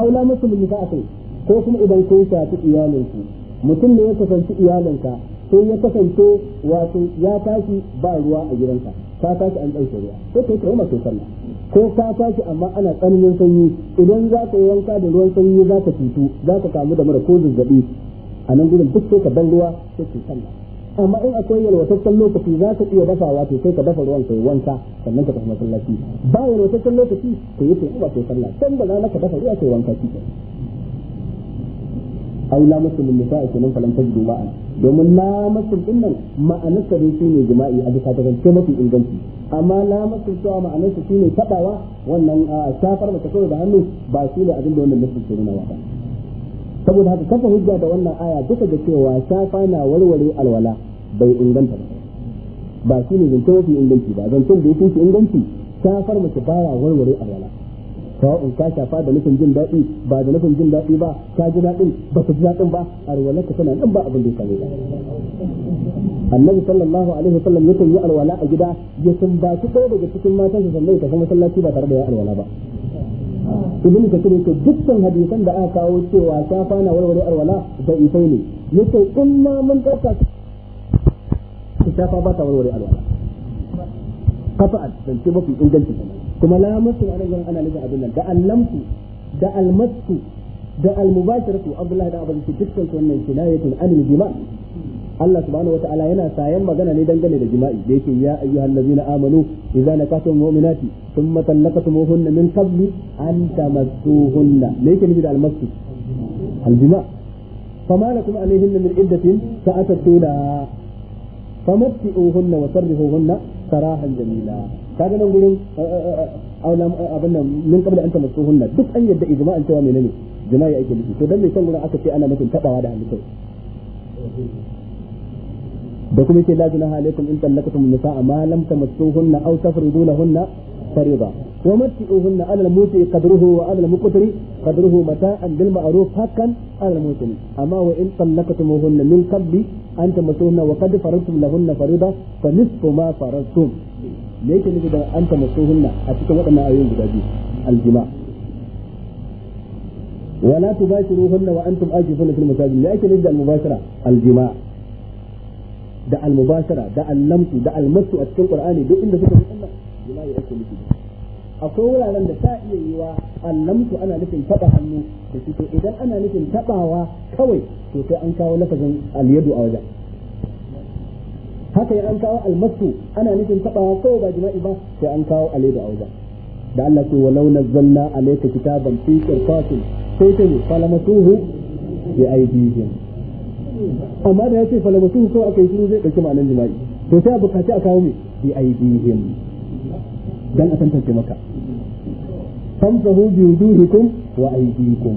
aula musu mun a kai ko kuma idan ta shafi iyalinku mutum ne ya kasance iyalinka sai ya kasance wato ya tashi ba ruwa a gidanka ka tashi an ɗauke ruwa ko kai taimama sai sallah ko ka tashi amma ana tsananin sanyi idan za ka yanka wanka da ruwan sanyi za ka cutu za ka kamu da mara ko zazzabi a nan gudun duk sai ka ban ruwa sai ka sallah amma in akwai yalwataccen lokaci za ka iya dafawa to sai ka dafa ruwan kai wanka sannan ka tafi masallaci ba yalwataccen lokaci to yi tun ba kai sallah can ba za ka dafa ruwa kai wanka shi ke ai la musulun nisa'i kenan falan tajidu ma'a domin la musul nan ma'anar sa dai shine jima'i a daga kasance mafi inganci amma la musul cewa ma'anar sa shine tabawa wannan ah, shafar mace kawai da hannu ba shi ne abin da wannan musul ke nuna ba saboda haka kafa hujja da wannan aya duka da cewa shafa na warware alwala bai inganta ba ba shi ne zance mafi inganci ba zancen da ya fi inganci shafar mace baya warware alwala in ka shafa da nufin jin daɗi ba da nufin jin daɗi ba ka ji daɗin ba ka ji daɗin ba alwala ka tana nan ba abin da ya same ka annabi sallallahu alaihi wasallam yakan yi alwala a gida ya sumbaci ɗaya daga cikin matan sa sannan ya tafi masallaci ba tare da ya alwala ba ibn kathir yake dukkan hadisan da aka kawo cewa safa na warware arwala da ifai ne yake in ma mun dauka safa ba ta warware arwala qata'at dan ce mafi inganci kuma la musu anan ga ana nufin abin nan da allamtu da almasku da almubashiratu abdullahi da abdullahi dukkan wannan kinayatun anil jima'i Allah subhanahu wataala yana sayan magana ne dangane da jima'i da yake ya ayyuhal ladzina amanu idza nakatum mu'minati thumma talaqtumuhunna min qabli an tamassuhunna me yake nufi da almasu aljima fama lakum alayhinna min iddatin sa'atatuna famatti'uhunna wa sarrihuhunna sarahan jamila kaga nan gurin abin nan min qabli an tamassuhunna duk an yadda ijma'an cewa menene jima'i ake nufi to dan me san gurin aka ce ana nufin tabawa da hannu kai da kuma yace la junaha alaikum in tallaqtum nisaa ma lam tamassuhunna aw tafridu lahunna fariida wa matti'uhunna 'ala al-muti qadruhu wa 'ala al-muqtari qadruhu mata'an bil ma'ruf haqqan 'ala al-mutin amma wa in tallaqtumuhunna min qabli an tamassuhunna wa qad faradtum lahunna fariida fa nisfu ma faradtum me yake nufi da an tamassuhunna a cikin waɗannan ayoyin guda biyu al-jima' ولا تباشروهن وانتم عاكفون في المساجد لا يكن المباشره الجماع da almubashara da allamtu da almasu a cikin qur'ani duk inda suka zo Allah jima'i ake nufi akwai wuraren da ta iya yiwa allamtu ana nufin taba hannu da shi to idan ana nufin tabawa kawai to sai an kawo lafazin alyadu a wajen haka ya an kawo almasu ana nufin tabawa kawai ba jima'i ba sai an kawo alyadu a wajen da Allah ce walau nazzalna alayka kitaban fi qirtasin sai ta ne falamasuhu bi aydihim amma da ya ce falabasu ko aka yi zai dauki ma'anar jima'i to sai a bukaci a kawo mai bi aidihim dan a tantance maka famsahu bi wujuhikum wa aidikum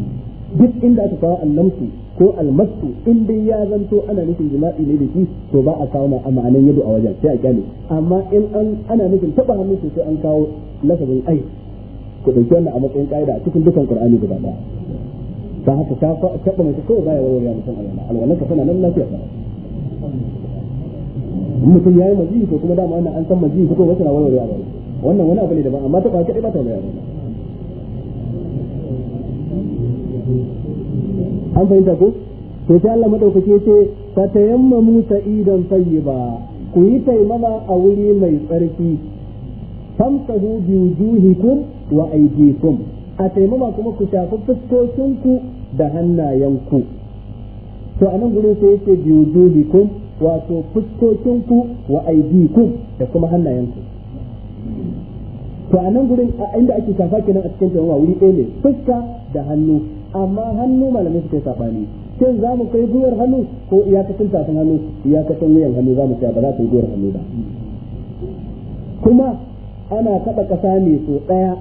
duk inda aka kawo allamsu ko almasu in dai ya zanto ana nufin jima'i ne da shi to ba a kawo ma'anan yadu a wajen sai a kyale amma in an ana nufin taba hannu sai an kawo lafazin ai ku dauki wannan a matsayin kaida cikin dukan qur'ani gaba daya ta haka ta taɓa mutu kawai baya wani ya mutum alwala alwala ka tana nan lafiya ta mutum ya yi maji ko kuma dama ana an san maji ko wata na wani ya bari wannan wani abu ne daban amma ta ba kaɗai ba ta wani ya an fahimta ko to sai Allah madaukake ce ta tayammamu idan tayyiba ku yi taimama a wuri mai tsarki tamtahu bi wujuhikum wa aydikum a taimama kuma ku shafi fuskokinku da hannayenku to a nan gudun sai biyu biwujudikum wato fuskokinku wa aibikun da kuma hannayenku to a nan gudun inda ake shafa kenan a cikin taimama wuri ɗaya ne fuska da hannu amma hannu malamai suka yi sabani shin za mu kai gwiwar hannu ko iyakacin tafin hannu iyakacin wuyan hannu za mu kai ba za ta yi gwiwar hannu ba kuma ana taɓa ƙasa ne so ɗaya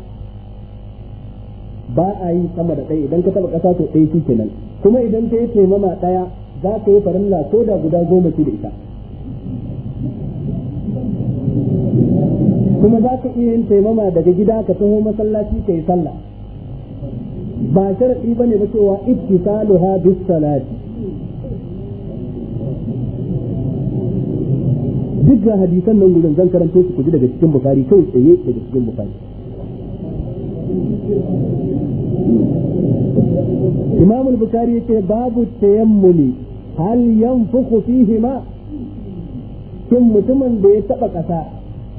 ba a yi sama da ɗaya idan ka taɓa ƙasa to ɗaya shi kenan kuma idan ka yi taimama ɗaya za ka yi farilla ko da guda goma ce da ita kuma za ka iya yin taimama daga gida ka taho masallaci ka yi sallah ba sharaɗi ba ne ba cewa ittisaluha bis salati duk ga hadisan nan gurin zan karanto su ku ji daga cikin bukari kai tsaye daga cikin bukari imam al-bukhari yace babu tayammuli hal yanfukhu fihi ma kin mutumin da ya taba kasa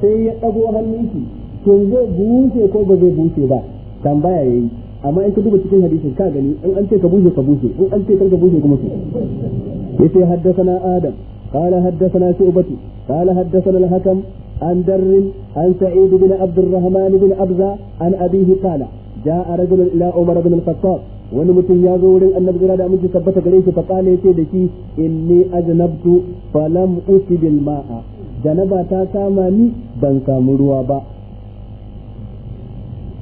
sai ya dago hannunki to zai bushe ko ba zai bushe ba tambaya yayi amma in ka duba cikin hadisin ka gani in an ce ka bushe ka bushe in an ce kar ka bushe kuma sai yace haddathana adam قال حدثنا شعبة قال حدثنا الحكم عن در عن سعيد بن عبد الرحمن بن أبزة عن أبيه قال جاء رجل إلى عمر بن الخطاب wani mutum ya zo wurin annabi da aminci tabbata gare shi fa kala yace da shi inni ajnabtu falam usibil ma'a janaba ta kama ni ban samu ruwa ba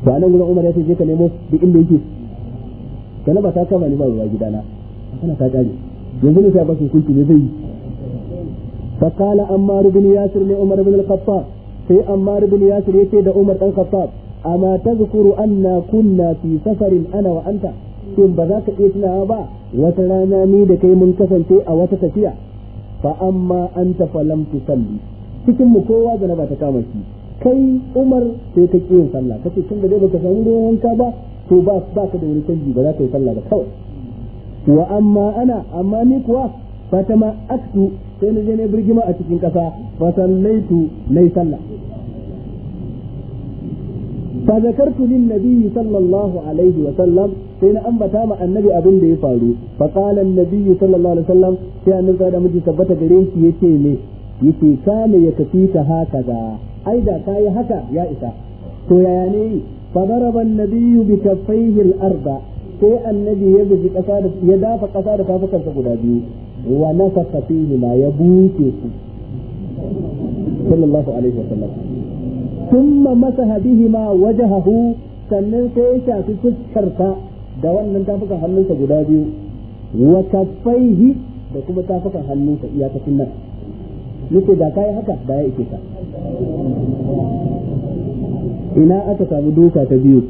to anan gurin Umar ya ce je nemo duk inda ta kama ni ba kana ta kare ne ne zai yi فقال عمار بن ياسر لعمر بن الخطاب في عمار بن ياسر يتي ده عمر بن الخطاب أما تذكر أن كنا في سفر أنا وأنت shin ba za ka iya tunawa ba wata rana ni da kai mun kasance a wata tafiya fa amma cikin mu kowa da ba ta kama shi kai Umar sai ka yin sallah kace tunda dai baka samu ruwan wanka ba to ba ba ka da wani canji ba za ka yi sallah ba kawai wa amma ana amma ni kuwa fatama aktu sai na je na birgima a cikin kasa fa na nay sallah fa zakartu lin nabiyyi sallallahu alaihi wa sallam sai na ambata ma annabi abin da ya faru fa qala an nabiyyu sallallahu alaihi wa sallam sai annabi da miji tabbata gare shi yace ne yace kana ya ta haka da ai da kai haka ya isa to yaya ne fa daraba an nabiyyu bi kaffaihi al sai annabi ya kasa ya dafa kasa da tafukansa guda biyu wa nafaka fihi ya buke su sallallahu alaihi wa sallam thumma ma sannan sai ya shafi fuskarta da wannan tafukan hannunsa guda biyu wa kaffaihi da kuma tafukan hannunsa iyakacin nan yace da kai haka da ya ike ina aka samu duka ta biyu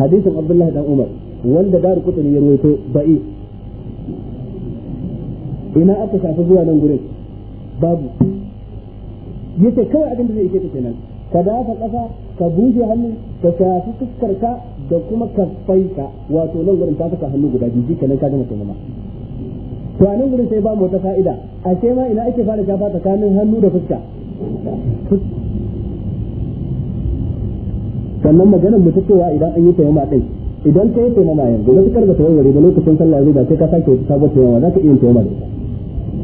hadisin abdullahi dan umar wanda daru kutani ya ruwaito ba'i ina aka shafi zuwa nan gurin babu yace kawai abin da zai yake ta kenan ka dafa kasa ka buje hannu ka shafi fuskar ka da kuma ka faika wato nan gurin ta saka hannu guda biyu kenan ka gama kenan to a nan gurin sai ba mu wata fa'ida a ce ma ina ake fara shafa tsakanin hannu da fuska sannan maganar mu ta cewa idan an yi taimama kai idan ka yi taimama yanzu matukar ba ta warware da lokacin sallah zai ba sai ka sake sabuwar taimama za ka iya taimama da ita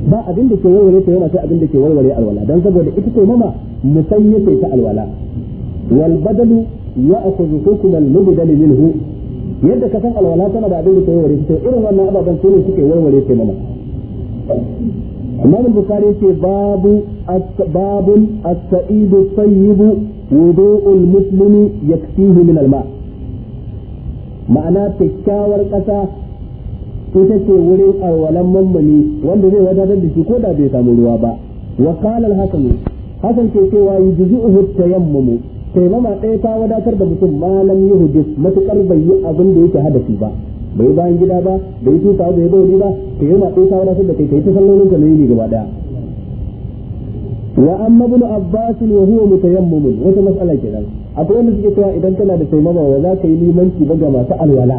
ba abin da ke warware ta yana sai abin da ke warware alwala dan saboda ita ce mama musayyace ta alwala wal badalu ya'khudhu hukm al mubdal minhu yadda ka san alwala tana da abin da ke warware ta irin wannan ababen su ne suke warware ta mama Imam Bukhari ce babu babun as-sa'id tayyib wudu'u al-muslimi yakfihi min al-ma ma'ana kyakkyawar kasa ta ce wurin alwalan mammali wanda zai wadatar da shi ko da bai samu ruwa ba wa qala al-hasan hasan ke cewa yujzi'uhu tayammumu taimama ɗaya ta wadatar da mutum malam yuhdis matukar bai yi abin da yake hadasi ba bai bayan gida ba bai tuta bai bauri ba taimama ɗaya ta wadatar da kai kai ta sallolin ka ne gaba daya wa amma ibn abbas wa huwa mutayammim wata mas'ala nan akwai wanda suke cewa idan tana da taimama wa za ka yi limanci ba ga masu alwala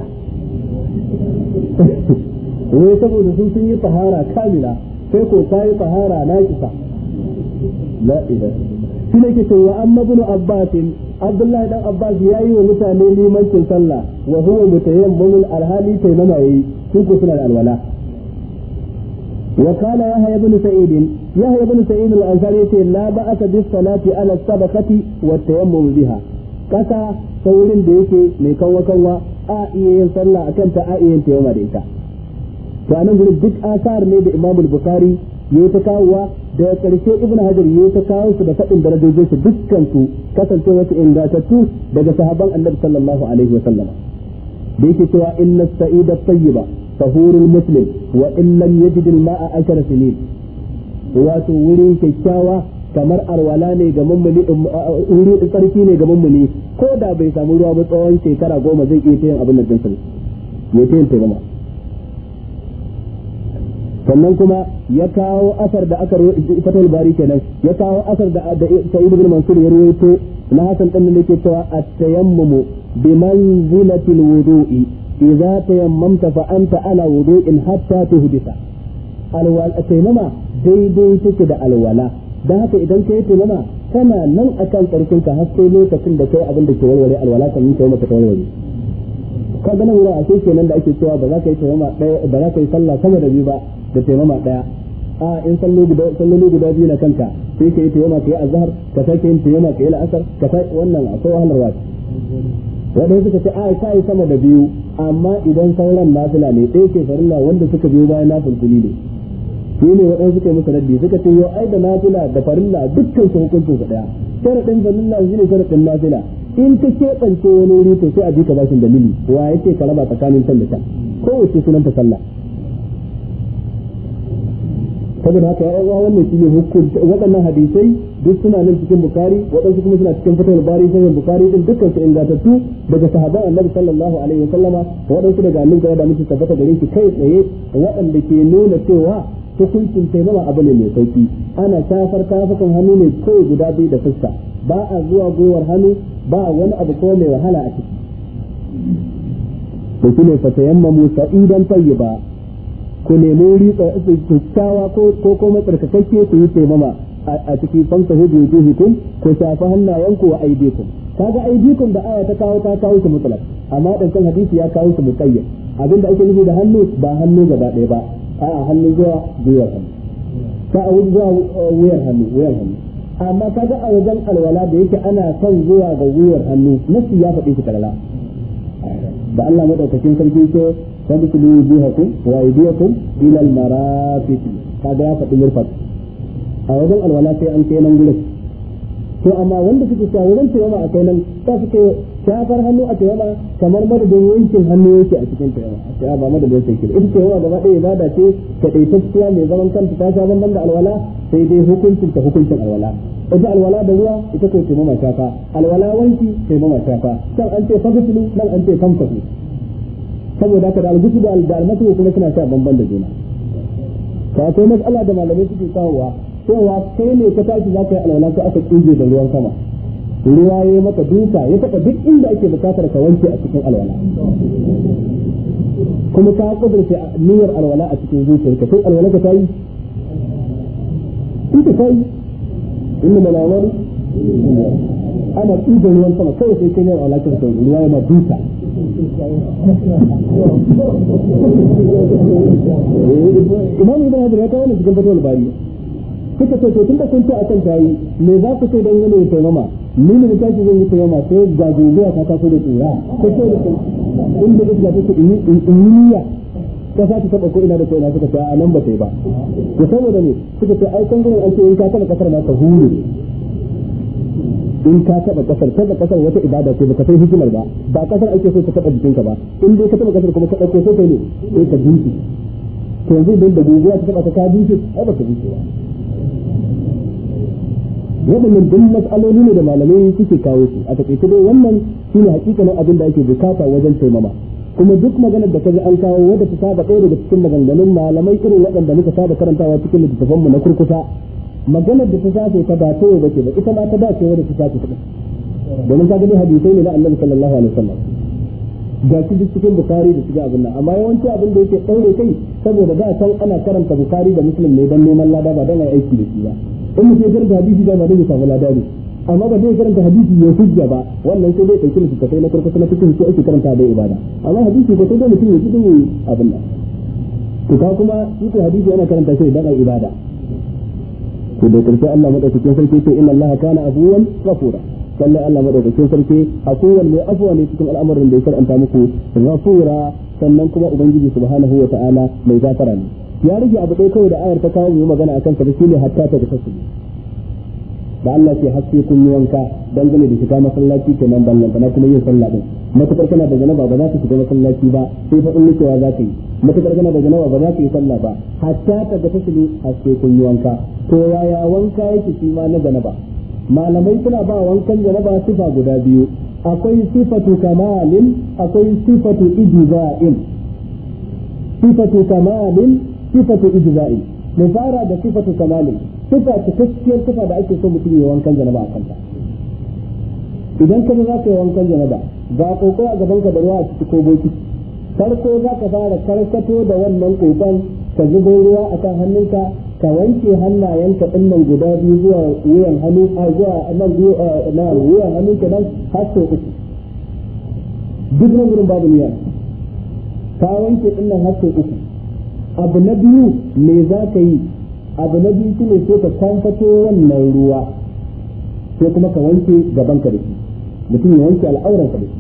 ne saboda sun sun yi fahara kamila sai ko ta yi fahara na kisa la ila shi ne ke wa amma bin abbasin abdullahi dan abbas ya yi wa mutane limancin sallah wa huwa mutayammin alhali taimama yayi sun ko suna da alwala وقال يحيى بن سعيد يحيى بن سعيد الأنصاري لا بأس بالصلاة على الصدقة والتيمم بها كسا سولين ديكي ميكوا كوا آئيين صلى أكنت آئيين تيوم ديكا to anan duk asar ne da Imam al-Bukhari yayi ta kawowa da karshe Ibn Hajar yayi ta kawo su da faɗin darajojin su dukkan su kasance wasu ingantattu daga sahabban Annabi sallallahu alaihi wa sallam da yake cewa inna sa'ida tayyiba tahurul muslim wa in lam yajid al-ma'a ashara sinin wato wurin kyakkyawa kamar arwala ne ga mummuni um, uh, uh, wuri tsarki ne ga mummuni ko da bai samu ruwa ba tsawon shekara goma zai iya yin abin da jinsin ne ta yin sannan kuma ya kawo asar da aka fatal bari kenan ya kawo asar da sa'id ibn mansur ya rawaito na hasan dan ne ke cewa at-tayammumu bi manzilati al-wudu'i idza tayammamta fa anta ala wudu'in hatta tuhdisa alwala tayammama daidai take da alwala dan haka idan kai tayammama kana nan akan karkin ka har sai lokacin da kai abin da ke walwale alwala kan yi tayammama ta walwale ka ga nan wurin a sai kenan da ake cewa ba za ka yi taimama ɗaya ba za ka yi sallah sama da biyu ba da taimama ɗaya a in salloli guda salloli guda biyu na kanka sai ka yi taimama ka yi azhar ka sake yin taimama ka yi la'asar ka sake wannan akwai wahalar wasu. wadanda suka ce a ka yi sama da biyu amma idan sauran nafila ne ɗaya ke farilla wanda suka biyo bayan nafil tuli ne shi ne waɗansu suka yi musu raddi suka ce yau ai da nafila da farilla dukkan su hukuncin su ɗaya sharaɗin farilla shi ne sharaɗin nafila in ta ke keɓance wani wuri to sai a bi ka bashin dalili wa ya ce ka raba tsakanin can da can kowace sunan ta sallah saboda haka ya uwa wannan ne hukunta waɗannan hadisai duk suna nan cikin bukari waɗansu kuma suna cikin fitar bari sanin bukari din dukkan su ingantattu daga sahaban annabi sallallahu alaihi wasallama waɗansu daga annabi da muke tabbata gare shi kai tsaye waɗanda ke nuna cewa hukuncin taimama abu ne mai sauki ana shafar kafukan hannu ne kai guda biyu da fuska ba a zuwa gwiwar hannu ba a wani abu ko mai wahala a ciki da kuma fa tayammamu sa'idan tayyiba ku nemi riƙa kyakkyawa ko ko kuma tsarkakakke ku yi taimama a cikin fanka hudu wujuhikum ku shafa hannayenku wa aidikum kaga aidikum da aya ta kawo ta kawo su mutlaq amma dan kan hadisi ya kawo su muqayyad abinda ake nufi da hannu ba hannu gaba ɗaya ba a hannun zuwa gwiwar hannu ka a wuce zuwa eh, wuyar hannu wuyar hannu amma kaga a wajen alwala da yake ana son zuwa ga wuyar hannu nasu ya faɗi shi kalala da Allah madaukakin sarki ce wanda ku yi bihakum wa idiyakum ila al-marafiq kaga ya faɗi murfat a wajen alwala sai an kenan nan gurin to amma wanda kuke cewa wurin cewa akai nan ta suke shafar hannu a tayama kamar madadin yankin hannu yake a cikin tayama a tayama ba madadin sai kira ita tayama gaba ɗaya ibada ce ka ɗaitacciya mai zaman kanta ta sha banban da alwala sai dai hukuncin ta hukuncin alwala ita alwala da ruwa ita ce taimama shafa alwala wanki taimama shafa can an ce fagasulu nan an ce famfasu saboda haka da algusu da almasu kuma suna sha banban da juna ta akwai matsala da malamai suke kawowa cewa kai ne ka tashi za ka yi alwala ko aka tsige da ruwan sama ruwa ya maka duka ya saka duk inda ake bukatar ka wanke a cikin alwala kuma ka kudurce niyyar alwala a cikin zuciyarka sai alwala ka tayi ita tayi inna malawar ana tsibin ruwan sama kawai sai kai ne alwala ka tayi ruwa ya ma duka imam ibn hajar ya kawo ne cikin fatawar bari kuka ce to tun da kun ce akan tayi me za ku ce dangane da taimama ni ne da kake zai yi tayyama sai ga gobewa ta taso da tsira ko sai da in duk ga take in in niyya ka sa ta taba ko ina da ko ina suka ce a nan ba sai ba to saboda ne suka ce ai kan gurin ake in ka taba kasar na ka hure in ka taba kasar kada kasar wata ibada ce baka san hikimar ba ba kasar ake so ka taba ka ba in dai ka taba kasar kuma ka dauko sai kai ne sai ka dinki to yanzu idan da gobewa ta taba ka dinki ai ka dinki ba waɗannan duk matsaloli ne da malamai suke kawo su a takaice dai wannan ne hakikanin abin da ake bukata wajen taimama kuma duk maganar da kaji an kawo wadda ta saba ɗaya daga cikin maganganun malamai irin waɗanda muka saba karantawa cikin littattafan mu na kurkuta maganar da ta safe ta ba ta yau ba ita ma ta dace wadda ta safe ta domin ka gani hadisai ne na annabi sallallahu alaihi wasallam ga shi duk cikin bukari da cikin abin nan amma yawanci abin da yake ɗaure kai saboda da a can ana karanta bukari da muslim ne don neman lada ba don aiki da shi ba in mutum ya karanta hadisi da ma dai samu lada ne amma ba zai karanta hadisi ya hujja ba wannan sai dai ɗauki littattafai na farko na fikin sai ake karanta da ibada amma hadisi ko sai dai mutum ya ji abin nan to ka kuma shi ko hadisi ana karanta shi dan ibada to da karshe Allah madaukakin sarki ce inna Allah kana abuwan ghafura lallai Allah madaukakin sarki afuwan mai afuwa ne cikin al'amarin da ya karanta muku ghafura sannan kuma ubangiji subhanahu wa ta'ala mai gafara ne ya rage abu ɗaya kawai da ayar ta kawo mu magana akan ta shine hatta ta da tasbi da Allah ke haske kun yi wanka dangane da shiga masallaci nan ballan bana kuma yin sallah din matakar kana da janaba ba za ka shiga masallaci ba sai fa in cewa za ka yi matakar kana da janaba ba za ka yi sallah ba hatta ta da tasbi haske kun yi wanka to yaya wanka yake shi ma na janaba malamai suna ba wankan janaba sifa guda biyu akwai sifatu kamalin akwai sifatu ijza'in sifatu kamalin sifatu ijza'i mu fara da sifatu kamalin sifa cikakkiyar sifa da ake so mutum ya wankan janaba a kanta idan ka za ka yi wankan janaba ba koko a gaban ka da ruwa a ciki ko boki farko za ka fara karkato da wannan kokon ka zubo ruwa a kan hannunka ka wanke hannayenka din nan guda biyu zuwa wuyan hannu a zuwa nan na wuyan hannu ka nan har sau uku duk nan gurin babu niyyar ka wanke din nan har sau uku abu na biyu me za ka yi abu na biyu shine sai ka kwamfato wannan ruwa sai kuma ka wanke gaban ka da shi mutum ya wanke al'auran ka da shi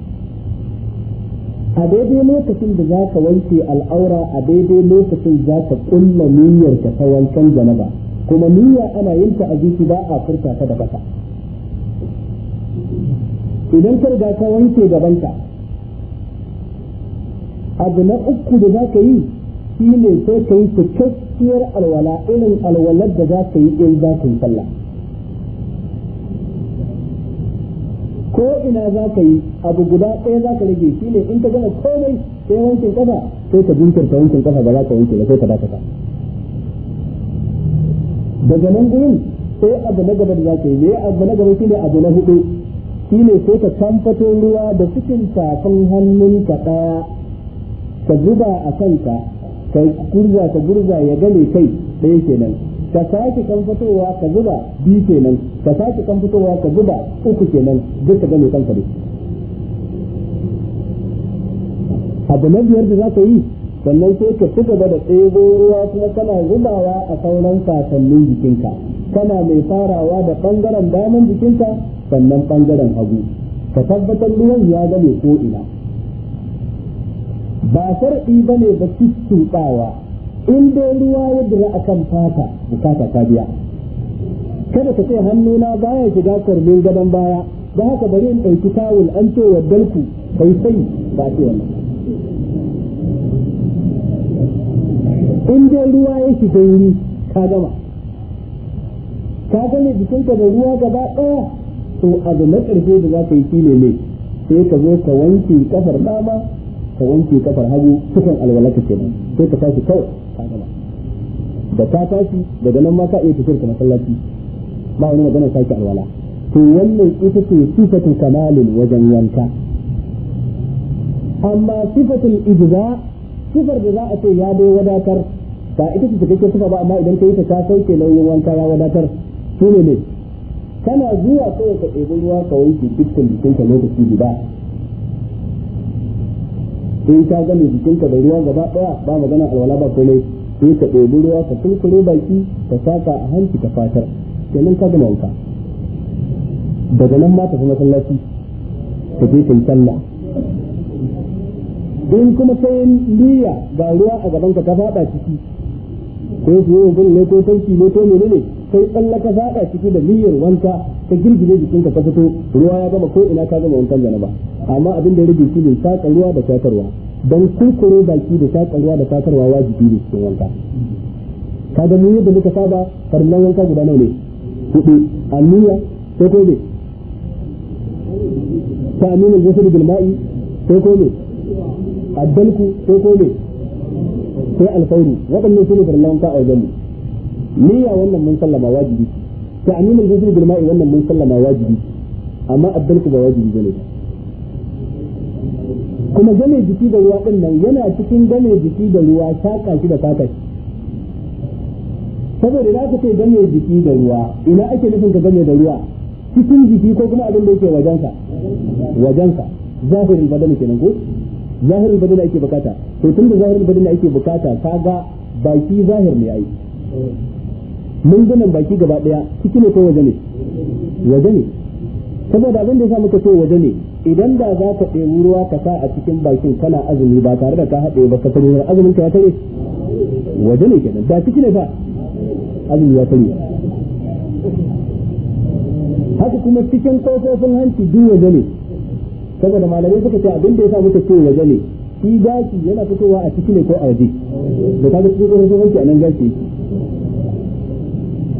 a daidai lokacin da za ka wanke al'aura a daidai lokacin za ka kulla niyyar ka ta wankan janaba kuma niyya ana yin ta a zuci ba a furta ta da baka idan ka riga ka wanke gaban ka abu na uku da za ka yi shi ne sai ka yi cikakkiyar alwala irin alwalar da za ka yi in za ka yi sallah ko ina za ka yi abu guda ɗaya za ka rage shi ne in ka gama komai sai wankin kafa sai ka jinkirta wankin kafa ba za ka wanke ba sai ka dakata daga nan gurin sai abu na gaba da za ka yi ne abu na gaba shine abu na hudu shine sai ka kamfato ruwa da cikin tafin hannunka ɗaya ka zuba a kanka ka kurza ka gurza ya gane kai ɗaya kenan ka sake kan fitowa ka zuba biyu kenan ka sake kan fitowa ka zuba uku kenan duk ka gane kanka ne abu na biyar da za ka yi sannan sai ka ci gaba da tsego ruwa kuma kana zubawa a sauran kasannin jikinka kana mai farawa da ɓangaren daman jikinka sannan ɓangaren hagu ka tabbatar ruwan ya gane ko ina ba shar'i ba ne ba tuttuɓawa in dai ruwa ya dira a kan fata bukata ta biya kada ka ce hannuna baya shiga kwarmin gadon baya ba haka bari in ɗauki tawul an ce wa dalku bai sai ba ce wannan in dai ruwa ya shiga wuri ka gama ka gane jikinka da ruwa gaba ɗaya to abu na ƙarfe da za ka yi shi ne sai ka zo ka wanke kafar dama ka wanke kafar hagu cikin alwalaka kenan sai ka tashi kawai ka gama da ka tashi daga nan ma ka iya tafiyar ka masallaci ba wani magana sake alwala to wannan ita ce sifatul kamalin wajen yanka amma sifatin ijza sifar da za a ce ya dai wadatar ba ita ce take sifa ba amma idan ka yi ta ka sauke nauyin wanka ya wadatar shine ne kana zuwa kawai ka ɗebi ruwa ka wanke dukkan jikinka lokaci guda in ka gane jikinka da ruwa gaba daya ba magana alwala ba komai sai ka ɗebi ruwa ka kulkure baki ka saka a hanci ka fatar kenan ka gama wanka daga nan ma fi masallaci ka je kai sallah Don kuma sai liya ga ruwa a gaban ka ta fada ciki ko su yi ne ko tanki ne ko menene sai tsalla ka fada ciki da liyar wanka ta girgire jikin ka fito ruwa ya gama ko ina ka gama wankan janaba amma abin da ya rage shi ne saka ruwa da shakarwa dan kurkure baki da saka ruwa da takarwa wajibi ne cikin wanka kaga mu yadda muka saba farnan wanka guda nawa ne hudu anniya sai ko ne ta aminin jasadu bil ma'i sai ko ne addalku sai ko ne sai alfauri waɗannan su ne farnan wanka a wajen mu niyya wannan mun sallama wajibi ta'mim al-ghusl bil ma'i wannan mun sallama wajibi amma abdalku ba wajibi bane kuma game jiki da ruwa din nan yana cikin game jiki da ruwa shaka da fata saboda za ka kai game jiki da ruwa ina ake nufin ka ganye da ruwa cikin jiki ko kuma abin da yake wajenka wajenka zahirin badal kenan ko zahirin badal ake bukata to tunda zahirin badal ake bukata kaga baki zahir ne ai mun gina baki gaba daya ciki ne ko waje ne waje ne saboda abin da ya sa muka ce waje ne idan da za ka ɗebi ruwa ka sa a cikin bakin kana azumi ba tare da ka haɗe ba ka tare azumin ka ya tare waje ne kenan da ciki ne fa azumi ya tare haka kuma cikin kofofin hanci duk waje ne saboda malamai suka ce abin da ya sa muka ce waje ne shi gashi yana fitowa a ciki ne ko a waje da ga cikin kofofin hanci a nan gashi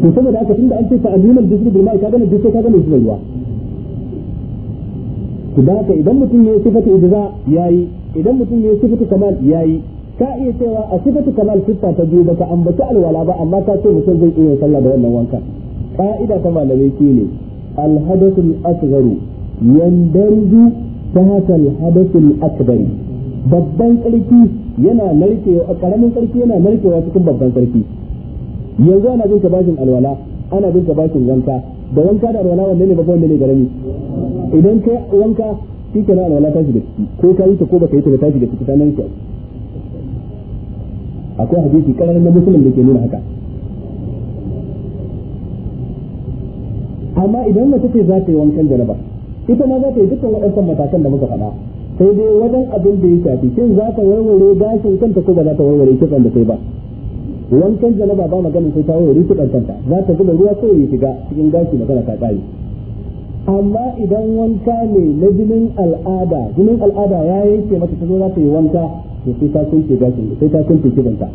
to saboda haka tunda an ce fa alimul jisru bil ma'i kaga ne jisru kaga ne zuwa ruwa to da haka idan mutum ya sifatu ijza yayi idan mutum ya sifatu kamal yayi ka iya cewa a sifatu kamal sifa ta biyu baka ambaci alwala ba amma ka ce mutum zai iya sallah da wannan wanka ka'ida ta malamai shine الحدث الأصغر يندرج تحت الحدث الأكبر babban sarki yana narkewa karamin sarki yana narkewa cikin babban sarki yanzu ana bin ka bashin alwala ana bin ka bashin wanka da wanka da alwala wanne ne babban wanne ne garami idan kai wanka shi na alwala ta shiga ciki ko ka yi ta ko baka yi ta ta shiga ciki ta nan ki akwai hadisi kararin na musulun da ke nuna haka amma idan mace ce za ta yi wankan jaraba ita ma za ta yi dukkan waɗansan matakan da muka faɗa sai dai wajen abin da ya shafi shin za ta warware gashin kanta ko ba za ta warware kitsan da sai ba wankan janaba ba maganin sai ta wuri tukan za ta buga ruwa kawai ya shiga cikin gashi magana ta kare amma idan wanka ne na jinin al'ada jinin al'ada ya yanke mata ta zo za ta yi wanka to sai ta kunce gashin sai ta kunce kibanta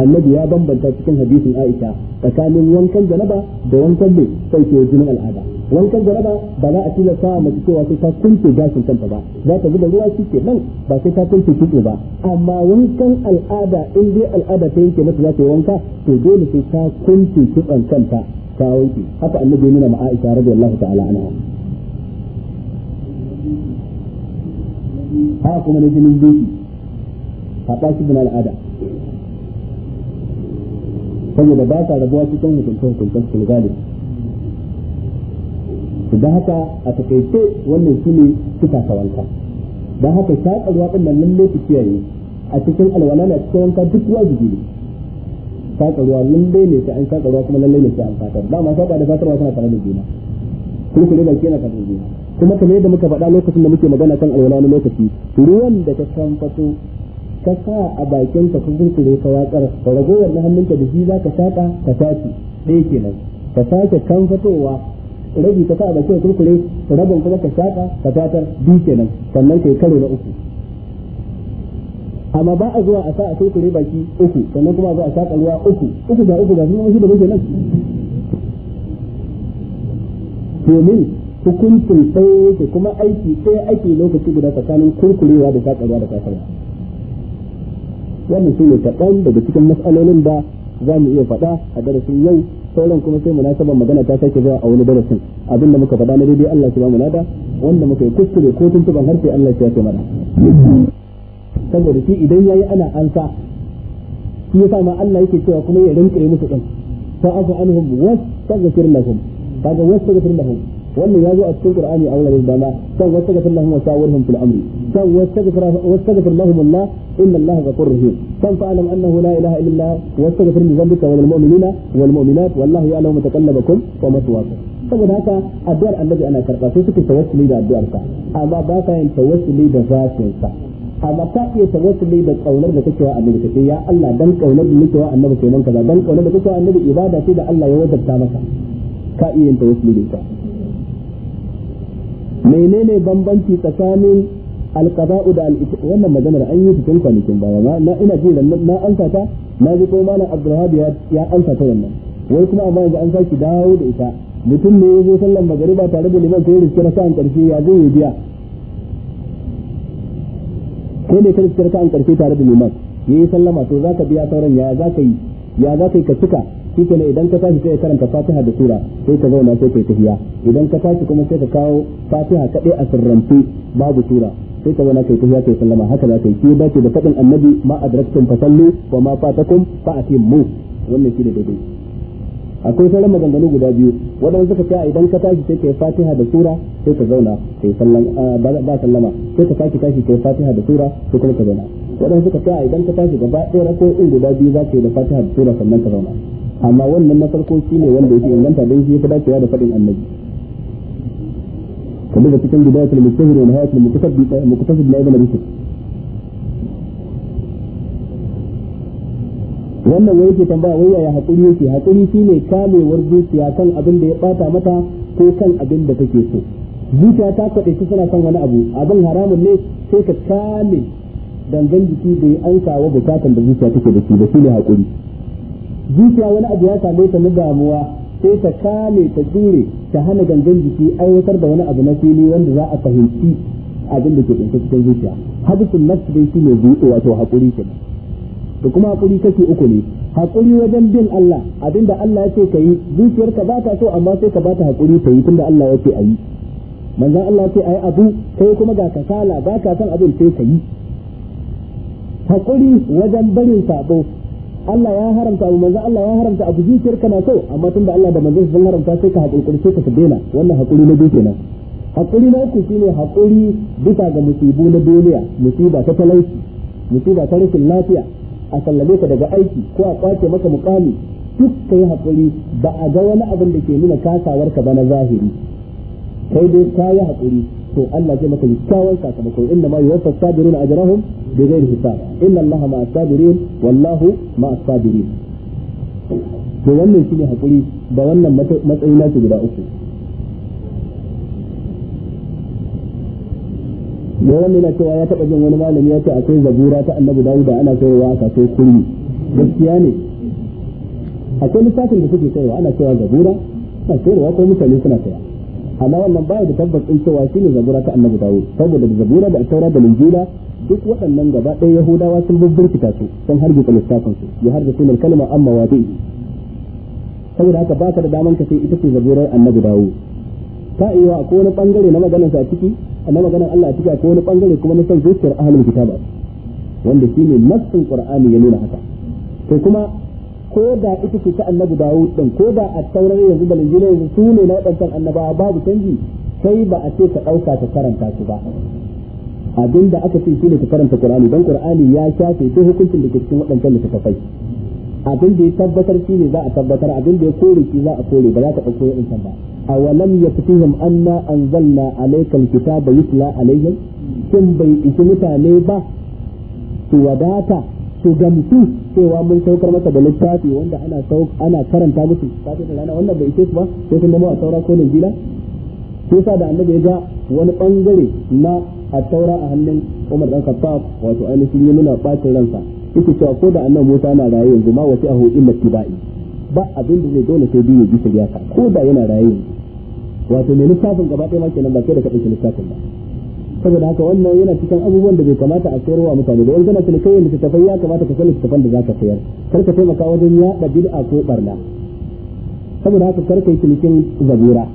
annabi ya bambanta cikin hadisin Aisha tsakanin wankan janaba da wankan ne sai ke jinin al'ada wankan jaraba ba za a a mace cewa sai ta kunce gashin kanta ba za ta zuba ruwa shike nan ba sai ta kunce kitse ba amma wankan al'ada in dai al'ada ta yanke mata za ta yi wanka to dole sai ta kunce kitsen kanta ta wanke haka annabi nuna ma Aisha radiyallahu ta'ala anha ha kuma na jinin biki haɗa shi al'ada saboda ba ta rabuwa cikin hukuncin hukuncin sulgalin su da haka a takaice wannan shi ne suka ka wanka haka shaƙar ruwa ɗin nan lalle kiyaye a cikin alwala na cikin wanka duk wajibi ne shaƙar ruwa lalle ne sai an shaƙar ruwa kuma lalle ne sai an fatar masu haƙa da fatar tana tare da juna kuma ku ne na yana tare da juna kuma kamar yadda muka faɗa lokacin da muke magana kan alwala na lokaci ruwan da ka fato ka sa a bakin ka kun kure ka watsar ka ragowar na hannunka da shi za ka shaƙa ka tashi ɗaya kenan ka sake kan fatowa rabi ka sa baki ka kurkure rabin kuma ka shaka ka tatar biyu kenan sannan kai karo na uku amma ba a zuwa a sa a kurkure baki uku sannan kuma a zuwa a shaka ruwa uku uku da uku ga sun shi da muke nan domin hukuncin sai yake kuma aiki sai ake lokaci guda tsakanin kurkurewa da shaka ruwa da tatarwa wannan shi ne kaɗan daga cikin mas'alolin da za mu iya faɗa a darasin yau sauran kuma sai munasabar magana ta sake zuwa a wani darasin abin da muka faɗa na daidai Allah ya ba mu lada wanda muka yi kuskure ko tuntuban harfe Allah ya ce mana saboda shi idan yayi ana ansa shi yasa ma Allah yake cewa kuma ya rinƙe musu din fa afu anhum wastaghfir lahum kaga wastaghfir lahum wannan ya zo a cikin qur'ani a wurare dama kan wastaghfir lahum wa shawirhum fil amri kan wastaghfir wastaghfir lahum Allah inna Allah ghafurur rahim kan fa'lam annahu la ilaha illa Allah wastaghfir li dhanbika wal mu'minina wal mu'minat wallahu ya'lamu mutaqallabakum wa maswaakum saboda haka addu'ar annabi ana karba sai suke tawassuli da addu'ar sa amma ba ka yin tawassuli da zatin sa amma ka iya tawassuli da kaunar da kake wa annabi kace ya Allah dan kaunar da nake wa annabi kenan kaza dan kaunar da kake wa annabi ibada ce da Allah ya wajabta maka ka iya yin tawassuli da ita menene bambanci tsakanin alqada'u da al wannan maganar an yi cikin kwanakin baya na ina ji na ansa ta na ji ko malam Abdulrahman ya ya ansa ta wannan wai kuma amma yanzu an saki dawo da ita mutum ne yazo sallan magariba tare da liman sai sa an karshe ya zo ya biya kai ne ka riskar an karshe tare da liman yayi sallama to zaka biya sauran yaya zaka yi ya za ka yi ka cika shike ne idan ka tashi sai ka karanta fatiha da sura sai ka zauna sai ka yi tafiya idan ka tashi kuma sai ka kawo fatiha kaɗai a sirrance babu sura sai ka zauna kai tafiya kai sallama haka za ka yi shi dace da faɗin annabi ma adraktum fasallu wa ma fatakum fa atimmu wannan shi da daidai akwai sauran maganganu guda biyu waɗanda suka ce idan ka tashi sai ka yi fatiha da sura sai ka zauna kai sallama ba sallama sai ka sake tashi kai fatiha da sura sai kuma ka zauna wadanda suka ce idan ka tashi gaba ɗaya in guda biyu za ka yi da fatiha da sura sannan ka zauna amma wannan na farko shi ne wanda yake inganta don shi ya fi dacewa da faɗin annabi kuma da cikin da mustahir wa da muqtasid na ibn rushd wannan wai ke tambaya wai yaya hakuri yake hakuri shine kamewar zuciya kan abin da ya bata mata ko kan abin da take so zuciya ta kwaɗe tana son wani abu abin haramun ne sai ka kame dangan jiki ya an wa bukatan da zuciya take da shi ba ne hakuri zuciya wani abu ya same ta na damuwa sai ta kame ta jure ta hana gangan jiki aiwatar da wani abu na fili wanda za a fahimci abin da ke tsinta cikin zuciya hadisun nafs dai shine zuwa wato hakuri kenan da kuma hakuri kake uku ne Haƙuri wajen bin Allah abinda Allah ya ce kai zuciyarka ba ta so amma sai ka ba ta hakuri ta yi tunda Allah ya ce ayi manzan Allah ya ce ayi abu kai kuma ga kasala ba ka san abin sai ka yi haƙuri wajen barin sabo Allah ya haramta abu manzo Allah ya haramta abu zuciyar kana so amma tunda Allah da manzo sun haramta sai ka hakuri sai ka daina wannan hakuri na duke nan hakuri na uku shine hakuri bisa ga musibu na duniya musiba ta talauci musiba ta rashin lafiya a sallame ka daga aiki ko a kwace maka mukami duk kai hakuri ba a ga wani abin da ke nuna kasawarka ka ba na zahiri kai dai ka yi haƙuri. to Allah zai maka yakkawan sakamako inna ma yuwaffa sabiruna ajrahum bighairi hisab inna Allah ma sabirin wallahu ma sabirin to wannan shine hakuri da wannan matsayi na guda uku yawan wannan na cewa ya taba jin wani malami ya ce akwai zabura ta annabi dawuda ana sayarwa a kasuwar kurmi gaskiya ne akwai lissafin da suke sayarwa ana sayarwa zabura ana sayarwa ko mutane suna saya amma wannan baya da tabbas in cewa shine zabura ta annabi dawud saboda da zabura da taura da linjila duk waɗannan gaba ɗaya yahudawa sun bubburkita su sun hargitsa lissafin su ya hargitsa min kalma amma wadi'i saboda haka ka da daman ka sai ita ce zaburar annabi dawud ta iya akwai wani bangare na maganar sa ciki na maganar Allah a ciki akwai wani bangare kuma na san zuciyar ahlul kitaba wanda shine nassin qur'ani ya nuna haka to kuma ko da ita ce ta annabi Dawud din ko da a taurar yanzu da linjila yanzu su ne na wadancan annabawa babu canji sai ba a ce ka ɗauka ta karanta su ba Abinda aka ce shi ne ta karanta Qur'ani dan Qur'ani ya shafe duk hukuncin da ke cikin waɗancan littattafai abin da ya tabbatar shi ne za a tabbatar abin da ya kore shi za a kore ba za ka ɗauko waɗancan ba awalam yakfihim anna anzalna alaykal kitaba yutla alaihim kin bai isi mutane ba su wadata su gamsu cewa mun saukar masa da littafi wanda ana ana karanta musu kafin rana wannan bai ce su ba sai sun nemo a saura ko linjila sai sa da annabi ya ga wani bangare na a taura a hannun Umar dan Khattab wato ainihin ya nuna bacin ransa yake cewa ko da annabi Musa na raye yanzu ma wasi a illa tibai ba abin da zai dole sai biyu bisa ya ka ko da yana raye wato mai littafin gaba ɗaya ma kenan ba sai da ka littafin ba saboda haka wannan yana cikin abubuwan da bai kamata a sayarwa mutane da wani kana cin kai da ya kamata ka san littafan da za ka sayar kar ka taimaka wajen yaɗa bid'a ko barna saboda haka kar kai cinikin zabura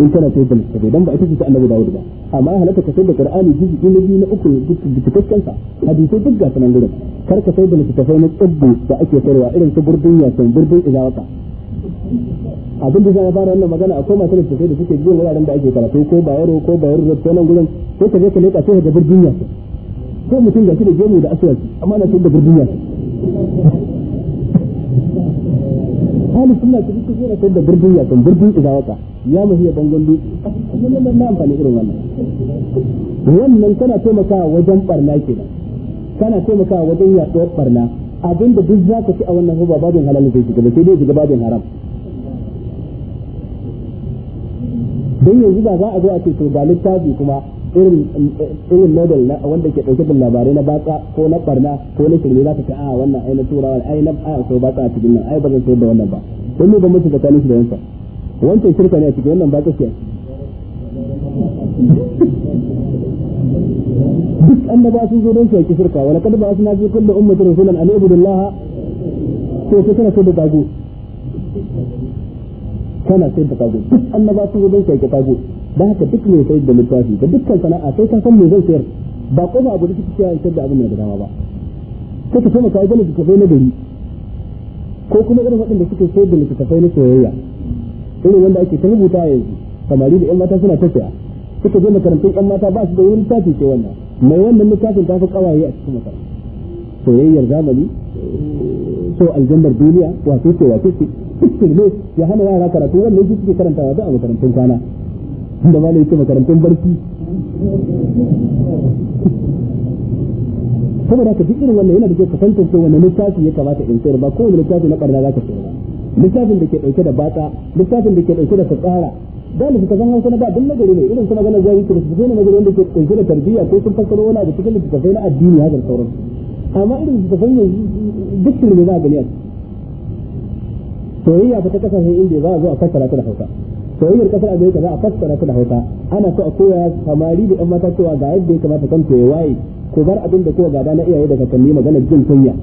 in kana sai da littafai dan ba ita ce annabi Dawud ba amma ya halatta ka sai da Qur'ani jiji na biyu na uku duk cikakken sa hadisai duk ga sanan gurin kar ka sai da littafai na tsibbi da ake sayarwa irin su burdun yasin burdun izawata. abin da zai fara wannan magana akwai masu littattafai da suke biyan wuraren da ake karatu ko bayero ko bayero da ta nan gurin sai ka je ka leƙa sai ka ga birnin yasa ko mutum gashi da gemu da asuwaki amma na sai da birnin yasa ahli sunna su suke jira sai da birnin yasa birnin idawaka ya mahiya bangon dutse amma nan na amfani irin wannan wannan kana taimakawa wajen barna kenan kana taimakawa wajen yaɗuwar barna abinda duk za ka ci a wannan roba babin halal zai shiga sai dai shiga babin haram don yanzu ba za a zo a ce to ga littafi kuma irin irin model na wanda ke dauke da labarai na batsa ko na barna ko na shirme za ka ta a ah, wannan ai na turawa ai na a so batsa a cikin nan ai ba zan sayar da wannan ba don mu ba mu shiga kanin shi da yansa wancan shirka ne a cikin wannan batsa ke duk annaba sun zo don su yaki shirka wala kad ba asna fi kulli ummatin rasulan an ibudu Allah to sai kana sai da kago kana sai da kago duk annaba sun zo don su yaki kago dan haka duk mai sai da littafi da dukkan sana'a sai ka san me zai sayar ba kuma abu da kike cewa da abin da dama ba sai ka kuma kai gani kafai na gari ko kuma irin waɗanda suke sayar da littafai na soyayya irin wanda ake ta rubuta yanzu samari da yan mata suna tafiya. suka je makarantun ƴan mata ba su da wurin tafi ce wannan mai wannan littafin ta fi kawaye a cikin makaranta soyayyar zamani so aljandar duniya wato ce wato ce ne ya hana yara karatu wannan shi suke karantawa da a makarantun kwana da ma ne yake makarantun barci saboda ka duk irin wannan yana da kyau ka tantance wannan littafi ya kamata in sayar ba kowane littafi na ƙarna za ka sayar ba littafin da ke dauke da batsa littafin da ke dauke da fasara da da suka zama kuma da duk nagari ne irin kuma ganin zai yi kuma su ne nagari wanda ke kunshe da tarbiyya ko sun fassaro wani abu cikin littattafai na addini haka sauran amma irin littattafai yanzu duk ne za a gani a soyayya ta kasashen indiya za a zo a fassara ta da hausa soyayyar kasar amerika za a fassara ta da hausa ana so a koya samari da yan mata cewa ga yadda ya kamata kan ya waye ko bar abin da kowa gaba na iyaye da kakanni magana jin kunya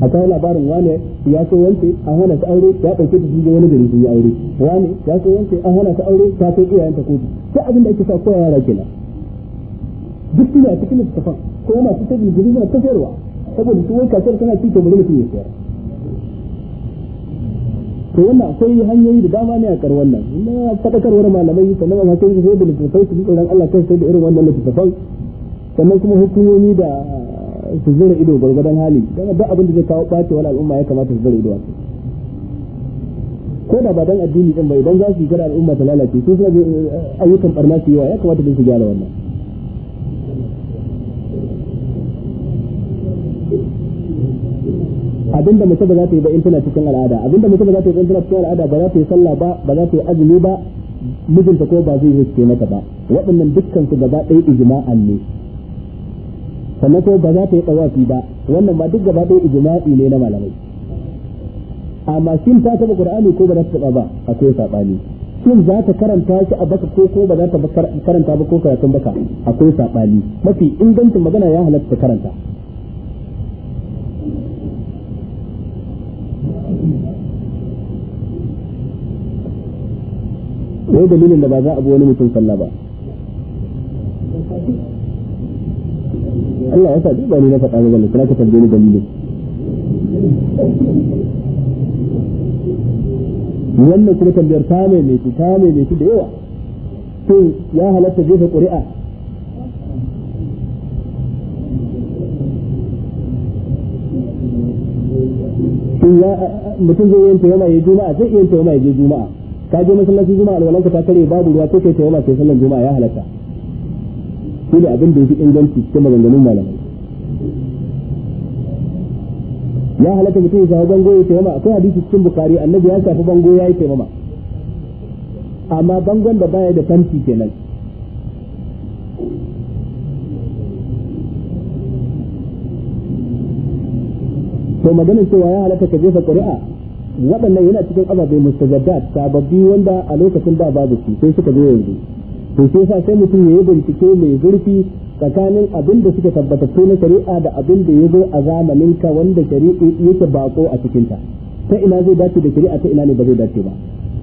a kawo labarin wane ya so wance an hana ta aure ya dauke ta cikin wani gari sun yi aure wani ya so wance an hana ta aure ta kai iyayen ta kotu sai abin da ake sa kowa yara kenan duk suna cikin littafin ko masu ta jirgin suna ta fiyarwa saboda su wai kasar tana ci ta bari mutum ya sayar to wannan akwai hanyoyi da dama ne a kar wannan na fadakarwar malamai sannan ma sai da littafai su bi tsoron Allah kan sai da irin wannan littafai sannan kuma hukumomi da su zura ido gwargwadon hali don duk abin da zai kawo ɓace wani al'umma ya kamata su zura ido a ko da ba dan addini din bai don za su yi gara al'umma ta lalace su suna eh, ayyukan barna su yawa ya kamata su gyara wannan abinda mace ba za ta yi ba in tana cikin al'ada abinda mace ba za ta yi ba in tana cikin al'ada ba za ta yi sallah ba ba za ta yi azumi ba mijinta ko ba zai riske mata ba waɗannan dukkan su gaba ɗaya ijma'an ne sannan ko ba za ta yi tsawafi ba wannan ba duk gaba ɗaya ijma'i ne na malamai amma shin ta taba qur'ani ko ba za ta taba ba akwai sabani shin za ta karanta shi a baka ko ko ba za ta karanta ba ko karatun baka akwai sabani mafi ingancin magana ya halatta karanta wai dalilin da ba za a bi wani mutum sallah ba Allah ya sa duk ba ni na faɗa ba ne kana ka tambaye ni dalilin wannan kuma tambayar ta mai mai ci ta mai mai ci da yawa to ya halatta jefa ƙuri'a ya mutum zai yanta tawama ya juma'a zai yanta tawama ya je juma'a ka je masallacin juma'a alwalanka ta kare babu ruwa ko kai tawama sai sallan juma'a ya halatta shi ne abin da yake inganci cikin maganganun malamai ya halaka mutum ya shafi bango ya taimama akwai hadisi cikin bukari annabi ya shafi bango ya yi taimama amma bangon da baya da tanti kenan to maganin cewa ya halatta ka jefa ƙuri'a waɗannan yana cikin ababe mustajabbat sababbi wanda a lokacin da babu su sai suka zo yanzu to sai sa sai mutum ya yi bincike mai zurfi tsakanin abin da suka tabbata tabbatattu na shari'a da abin da ya zo a zamanin ka wanda shari'a yake bako a cikin ta ta ina zai dace da shari'a ta ina ne ba zai dace ba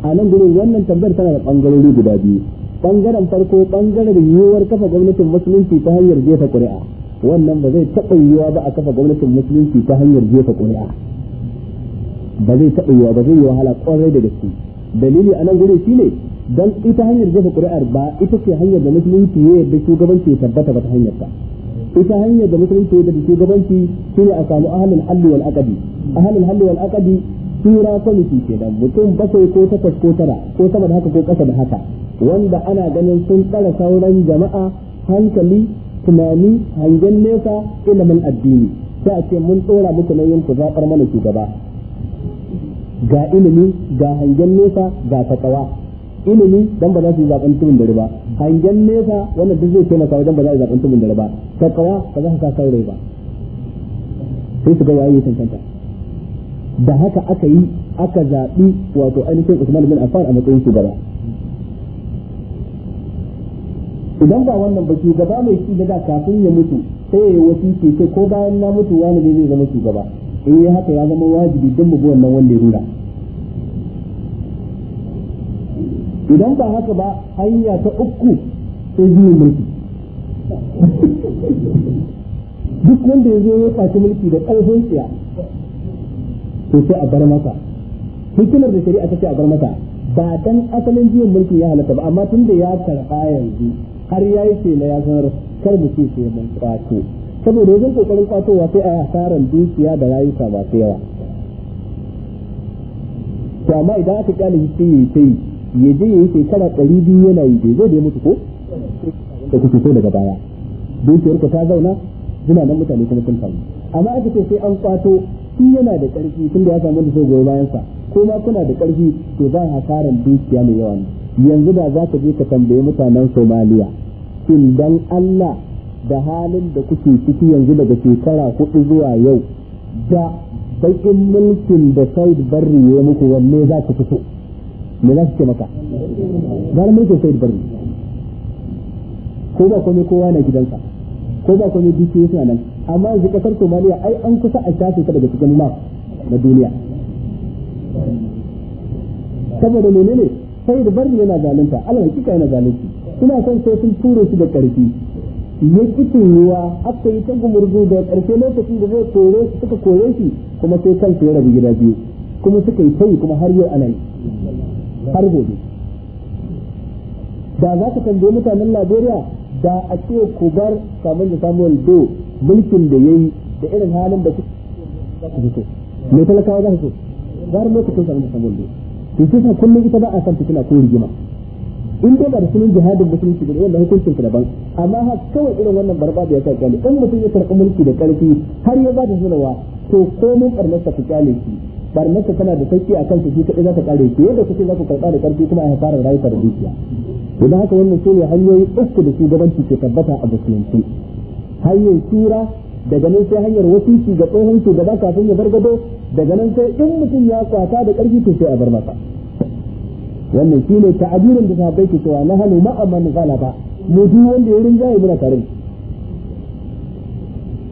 a nan gurin wannan tambayar tana da bangarori guda biyu bangaren farko bangaren yiwuwar kafa gwamnatin musulunci ta hanyar jefa ƙuri'a wannan ba zai taɓa yiwuwa ba a kafa gwamnatin musulunci ta hanyar jefa ƙuri'a ba zai taɓa yiwuwa ba zai yi wahala ƙwarai da gaske dalili a nan gurin shine dan ita hanyar jefa ƙuri'ar ba ita ce hanyar da musulunci ya yadda shugabanci ya tabbata ba ta hanyar ta ita hanyar da musulunci ya yadda shugabanci ne a samu ahalin halli wal aqdi ahlul halli wal aqdi tura kwamiti ke da mutum bakwai ko takwas ko tara ko sama da haka ko ƙasa da haka wanda ana ganin sun tsara sauran jama'a hankali tunani hangen nesa ilimin addini sai a ce mun tsora muku nauyin ku zaɓar mana shugaba ga ilimi ga hangen nesa ga fatawa ilimi dan ba za su yi zaben tumin dare ba hangen nesa wannan duk zai taimaka wajen ba za su zaɓen tumin dare ba takawa ba za su sa saurayi ba sai su ga waye tantanta da haka aka yi aka zaɓi wato ainihin Usman bin Affan a matsayin shugaba idan ba wannan ba shugaba mai ci da kafin ya mutu sai ya wasu ke ko bayan na mutu wani ne zai zama shugaba in eh, yi haka ya zama wajibi don mu bi wannan wanda ya rura idan ba haka ba hanya ta uku sai biyu mulki duk wanda ya zo ya kwaci mulki da ƙarfin tsiya to sai a bar masa hikimar da shari'a ta ce a bar masa ba dan asalin jiyan mulki ya halatta ba amma tun da ya karɓa yanzu har ya yi na ya sanar kar mu ce kwato saboda wajen kokarin kwatowa sai a asaran dukiya da rayuka masu yawa to amma idan aka kyale shi sai yi ya je ya yi shekara ɗari biyu yana yi bai zai da mutu ko da kuke so daga baya dukiyar ka ta zauna jina nan mutane kuma sun samu amma aka ce sai an kwato shi yana da ƙarfi tun da ya samu da sai goyi bayan sa ko ma kuna da ƙarfi to za hasaran dukiya mai yawa ne yanzu da za ka je ka tambayi mutanen Somaliya shin dan Allah da halin da kuke ciki yanzu daga shekara hudu zuwa yau da baƙin mulkin da Said Barri ya muku wanne za ku fito me za su ce maka gara mulkin sai ko ba kome kowa na gidansa ko ba kome dukiyoyi suna nan amma yanzu kasar somaliya ai an kusa a shafe ta daga cikin map na duniya saboda menene sai da yana zalunta ala kika yana zalunci suna son sai sun turo shi da karfi ya kitin ruwa aka yi ta gumurzu da karfe lokacin da zai kore shi suka kore shi kuma sai kansa ya rabu gida biyu kuma suka yi tayi kuma har yau ana har gobe da za ka tambaye mutanen Najeriya da a ce ku bar samun da Samuel Do mulkin da yayi da irin halin da kuke za ku fito me talakawa za ku so bar samun da Samuel Do to sai kuma kullum ita ba a san fitina ko rigima in dai ba da sunan jihadin musulunci ne da hukuncin ka daban amma ha kawai irin wannan barba da ya kai kali in mutum ya karɓi mulki da ƙarfi har ya ba da zurawa to komai karnar ta fi kyale shi barnarsa tana da sauki a kansa shi kaɗai za ta ƙare ke yadda kuke za ku karɓa da ƙarfi kuma a hasarar rayuka da dukiya idan haka wannan su ne hanyoyi uku da shugabanci ke tabbata a musulunci hanyar tura daga nan sai hanyar wasiki ga tsohon shugaba kafin ya bar gado daga nan sai in mutum ya kwata da ƙarfi to sai a bar masa wannan shi ne ta'abirin da sahabbai ke cewa na hannu ma'amman galaba mu ji wanda ya ya muna tare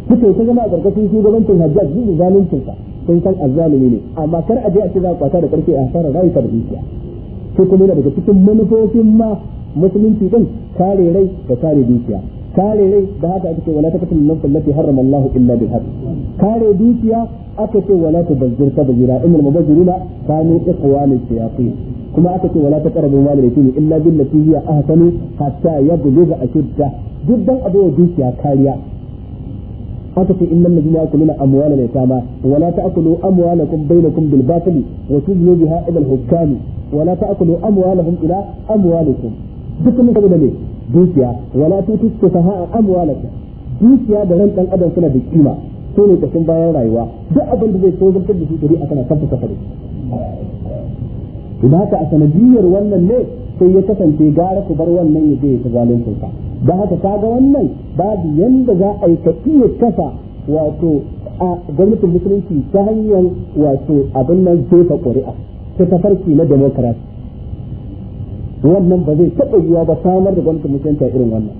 suka yi ta zama a ƙarƙashin shugabancin hajjaj duk da zaluncinsa sun san azzalumi ne amma kar a je a ce za kwata da karfe a fara rayuka da dukiya ko kuma daga cikin manufofin ma musulunci din kare rai da kare dukiya kare rai da haka ake ce wala taqtul nafs allati harrama Allah illa bil haqq kare dukiya aka ce wala tubazzir tabzira inna mubazzirina kanu ikhwanu shayatin kuma aka ce wala ta mal al-yatim illa billati hiya ahsanu hatta yabluga ashidda duk dan abu dukiya kariya haka sai innal ladina yakuluna amwalal yatama wa la ta'kulu amwalakum bainakum bil batili wa tudlu biha ila al hukam wa la ta'kulu amwalahum ila amwalikum dukkan saboda ne dukiya wa la tutus sahaa amwalakum dukiya da ran dan adam suna da kima sai ne kashin bayan rayuwa duk abin da zai so zartar da shi dari akan kafa kafa da haka a sanadiyar wannan ne sai ya kasance gara ku bar wannan ya je ya zalin sauka don haka ta ga wannan babu yanda za a yi ka iya kasa wato a gwamnatin musulunci ta hanyar wato abin nan jefa ƙuri'a ta tafarki na demokarasi wannan ba zai taɓa yiwa ba samar da gwamnatin musulunci a irin wannan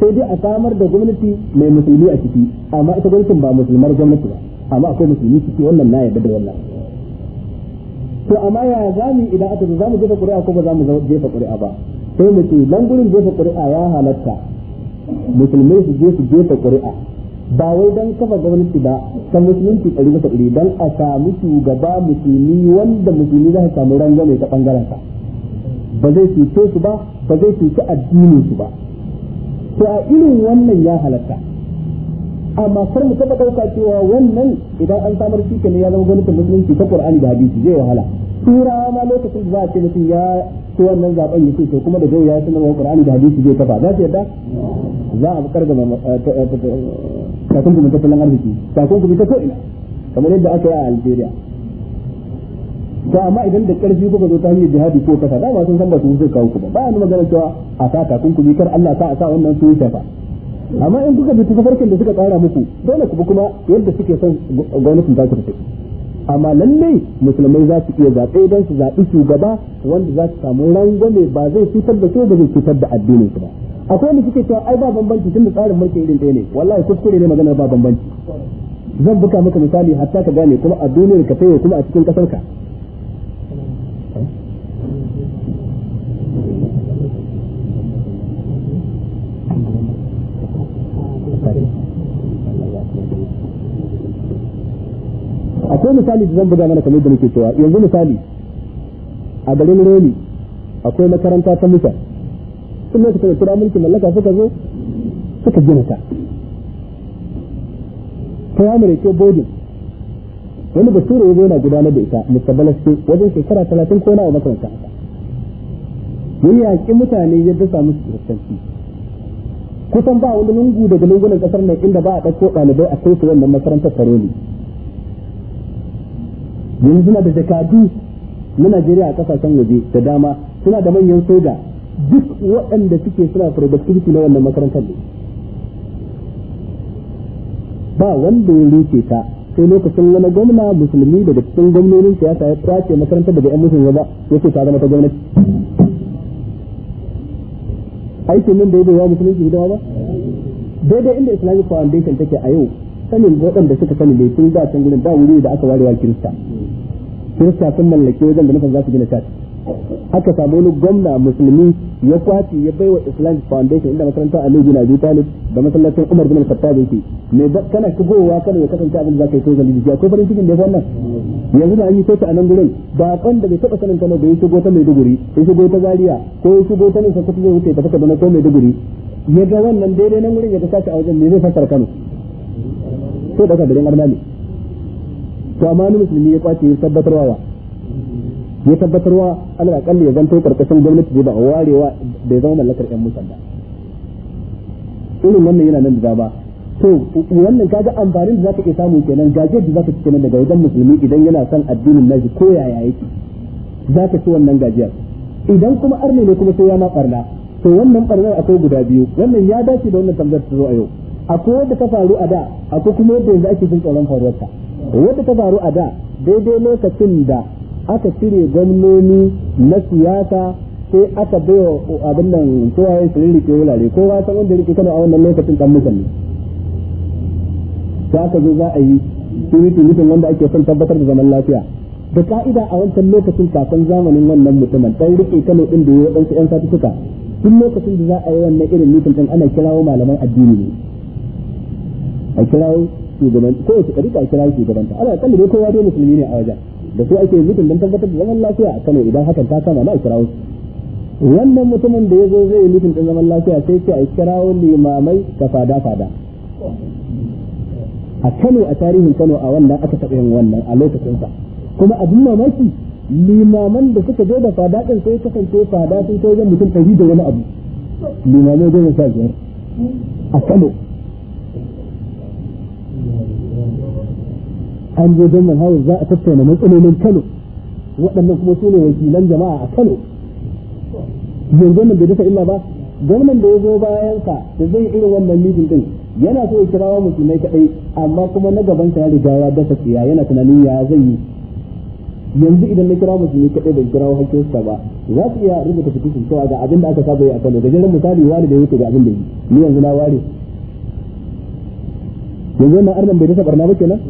sai dai a samar da gwamnati mai musulmi a ciki amma ita gwamnatin ba musulmar gwamnati ba amma akwai musulmi ciki wannan na yarda da wannan to amma ya zamu idan aka ce zamu jefa ƙuri'a ko ba zamu jefa ƙuri'a ba sai mu ce nan gurin jefa ƙuri'a ya halatta musulmai su je su jefa ƙuri'a ba wai dan kafa gwamnati ba ta musulunci ɗari bisa ɗari don a sami shugaba musulmi wanda musulmi za su samu rangwame ta ɓangaren sa ba zai cuce su ba ba zai addinin su ba to a irin wannan ya halatta amma kar mu taba dauka cewa wannan idan an samar shi ne ya zama gwamnatin musulunci ta Qur'ani da hadisi zai wahala tura ma lokacin da za a ce mutum ya ci wannan zaben yake to kuma da gau ya sanar wa Qur'ani da hadisi zai kafa za su yadda za a bukar da eh, eh, takunkumi tattalin arziki takunkumi ta ko'ina kamar yadda aka yi a Algeria to amma idan da karfi kuka zo ta hanyar jihadi ko kasa dama sun san ba su kawo ku ba ba ni magana cewa a sa takunkumi kar Allah ta a sa wannan su shafa amma in kuka bi tafarkin da suka tsara muku dole ku kuma yadda suke son gwamnatin ta tafi amma lalle musulmai za su iya zaɓe don su zaɓi shugaba wanda za su samu rangwame ba zai cutar da su ba zai cutar da addinin su ba akwai wanda suke cewa ai ba bambanci tun da tsarin mulki irin ɗaya ne wallahi kuskure ne maganar ba bambanci zan buka maka misali hatta ka gane kuma a duniyar ka tayo kuma a cikin kasar ka akwai misali da zan buga mana kamar da nake cewa yanzu misali a garin roli akwai makaranta ta Musa sun lokacin da kira mulki mallaka suka zo suka gina ta yi amurai ke bodin wani basura ya zo yana gudanar da ita mustabalar su wajen shekara talatin ko na wa makaranta haka yayi yaƙi mutane yadda samu su kristanci kusan ba wani lungu daga lungunan kasar nan inda ba a ɗauko ɗalibai a kai su wannan makarantar faroli yanzu na da jakadu na Najeriya a kasashen waje da dama suna da manyan soja duk waɗanda suke suna productivity na wannan makarantar ne ba wanda ya rike ta sai lokacin wani gwamna musulmi daga cikin gwamnonin siyasa ya kwace makarantar daga 'yan musulmi ba yake ta zama ta gwamnati aikin nan da ya dawo musulunci hidawa ba daidai inda islamic foundation take a yau sanin waɗanda suka sani ne sun ga can gurin da wuri da aka warewa kirista kirista sun mallake wajen da nufin za su gina church aka samu wani gwamna musulmi ya kwaci ya baiwa Islam Foundation inda makaranta Ali bin Abi Talib da masallacin Umar bin Al-Fattah Khattab yake me kana shigowa kana ya kasance abin da zaka yi tozali da ko farin cikin da wannan yanzu da an yi kota a nan gurin ba a kan da bai taba sanin kana da ya shigo ta Maiduguri ya shigo ta Zaria ko ya shigo ta nan sai zai wuce ta Kaduna ko Maiduguri ya ga wannan daidai nan gurin ya ta sace a wajen me zai fasar Kano ko daga garin Arnami to amma ni musulmi ya kwace ya tabbatarwa ya tabbatarwa alal akalli ya zanto karkashin gwamnati da ba a warewa da ya zama mallakar yan musanda irin wannan yana nan da ba to wannan kaga amfanin da zaka iya samu kenan gaje da zaka ci kenan daga wajen musulmi idan yana son addinin nashi ko yaya yake zaka ci wannan gajiyar idan kuma arne ne kuma sai ya ma barna to wannan barnar akwai guda biyu wannan ya dace da wannan tambayar ta zo a yau akwai wadda ta faru a da akwai kuma yadda yanzu ake jin tsoron faruwarta wadda ta faru a da daidai lokacin da aka cire gwamnoni na siyasa sai aka baiwa abin nan kowa ya shirin rike wurare kowa san wanda rike kana a wannan lokacin dan musulmi sai aka zo za a yi security mutum wanda ake son tabbatar da zaman lafiya da ka'ida a wancan lokacin kafin zamanin wannan mutumin dan rike kano din da ya wadansu yan satutuka tun lokacin da za a yi wannan irin mutum din ana kirawo malaman addini ne a kirawo shugaban kowace ɗarika a kirawo shugabanta ala kalli dai kowa dai musulmi ne a wajen da su ake mutum don tabbatar da zaman lafiya a Kano idan hakan ta kama na kirawo wannan mutumin da ya zo zai mutum din zaman lafiya sai ce a kirawo limamai da fada fada a Kano a tarihin Kano a wannan aka taɓa yin wannan a lokacin sa kuma abin mamaki limaman da suka zo da fada ɗin sai kasance fada sun kai zan mutum ɗari da wani abu limamai goma sha biyar a Kano an je don za a tattauna matsalolin Kano waɗannan kuma su ne wakilan jama'a a Kano yanzu nan bai dasa illa ba gwamnan da ya zo bayan sa da zai irin wannan mitin din yana so ya kira wa musulmai kadai amma kuma na gaban sa ya riga ya dasa tsiya yana tunanin ya zai yi yanzu idan na kira musulmi kadai bai wa hakkin sa ba za su iya rubuta petition cewa ga abin da aka saba yi a Kano da jiran misali wani da wuce ga abin da yi ni yanzu na ware yanzu na arnan bai dasa barna ba kenan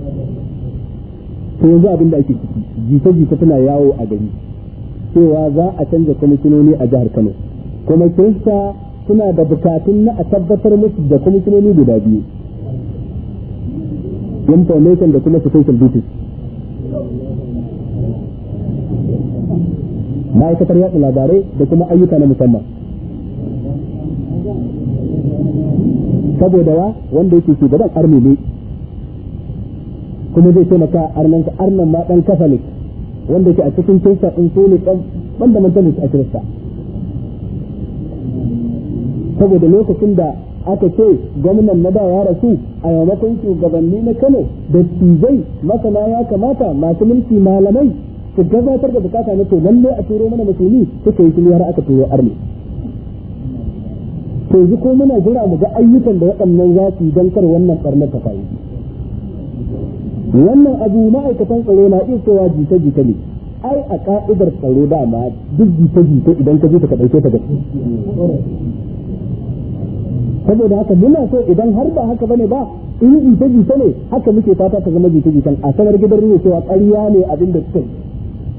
to yanzu abin da ake ciki jita jita tana yawo a gari cewa za a canza kwamishinoni a jihar Kano kuma kirista suna da bukatun na a tabbatar musu da kwamishinoni guda biyu information da kuma social duties ma'aikatar yaɗa labarai da kuma ayyuka na musamman saboda wa wanda yake shugaban army ne kuma zai taimaka arnan ka arnan ma dan kafalik wanda ke a cikin kirista in so ne banda mantalis a kirista saboda lokacin da aka ce gwamnan na da ya rasu a yamakon shugabanni na kano da tijai masana ya kamata masu mulki malamai su gabatar da bukata na to lalle a turo mana musulmi suka yi har aka turo arni to yi ko muna jira mu ga ayyukan da waɗannan za su yi don kar wannan ɓarnar ta wannan abu ma'aikatan tsaro na iya cewa jita jita ne ai a ka'idar tsaro ba ma duk jita jita idan ka je ka ta gaske saboda haka muna so idan har ba haka bane ba in jita jita ne haka muke fata ta zama jita jitan a sanar gidan ne cewa ƙarya ne abin da suka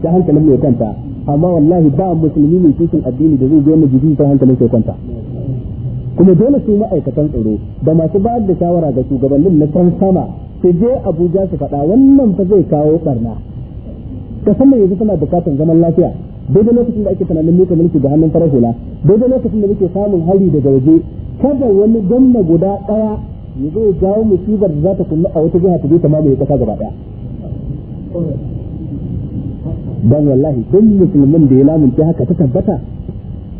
ta hankalin mai kanta amma wallahi ba musulmi mai cikin addini da zai zo mu jita jita hankalin mai kanta kuma dole su ma'aikatan tsaro da masu ba da shawara ga shugabannin na can sama su je Abuja su faɗa wannan fa zai kawo barna ta sama yanzu tana bukatar zaman lafiya daidai lokacin da ake tunanin mika mulki da hannun farar hula daidai lokacin da muke samun hari daga waje kada wani gwamna guda ɗaya ya zo ya jawo musibar da za ta kunna a wata jiha ta je ta mamaye kasa gaba ɗaya dan wallahi duk musulmin da ya lamunce haka ta tabbata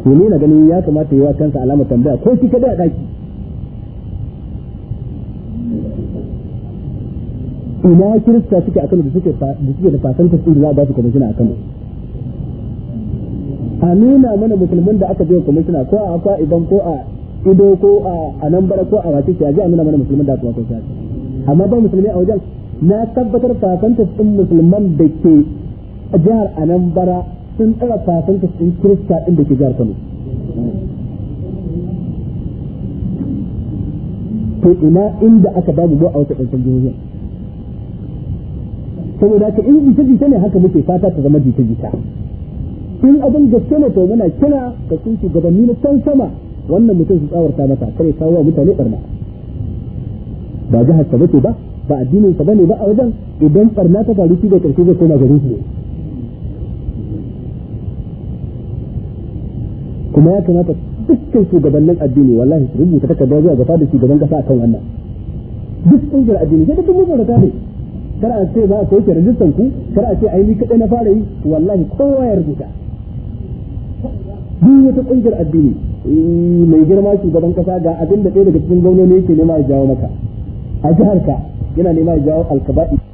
ko nuna gani ganin ya kamata yi wa kansa alama tambaya ko shi kadai a daki ina kirista suke a kanu da suke da fasan tafsir za a ba su kwamishina akan a nuna mana musulman da aka biya kwamishina ko a akwa idan ko a ido ko a bara ko a wace shi a ji a nuna mana musulman da aka wata shi amma ba musulmi a wajen na tabbatar fatan tafsirin musulman da ke jihar bara. sun tsara kafin ta sun kirista ɗin da ke jihar Kano. To ina inda aka babu ba a wata ƙarshen jihohin. Saboda ka in jita-jita ne haka muke fata ta zama jita-jita. In abin gaske ne to muna kira ka sun shugabanni na can sama wannan mutum su tsawarta mata, kare kawo wa mutane ɓarna. Ba jihar sa bace ba, ba addinin ba bane ba a wajen idan ɓarna ta faru shi da ƙarfi zai koma garin su ne. kuma ya kamata dukkan shugabannin addini wallahi su rubuta takarda zuwa ga fadar shugaban kasa akan wannan duk kungiyar addini sai dukkan mutane ta ne kar a ce za a soke rajistan ku kar a ce ai ni kadai na fara yi wallahi kowa ya rubuta duk wata kungiyar addini eh, mai girma shugaban kasa ga abin da ɗaya daga cikin gwamnoni yake nema ya jawo maka a jihar ka yana nema ya jawo alkaba'i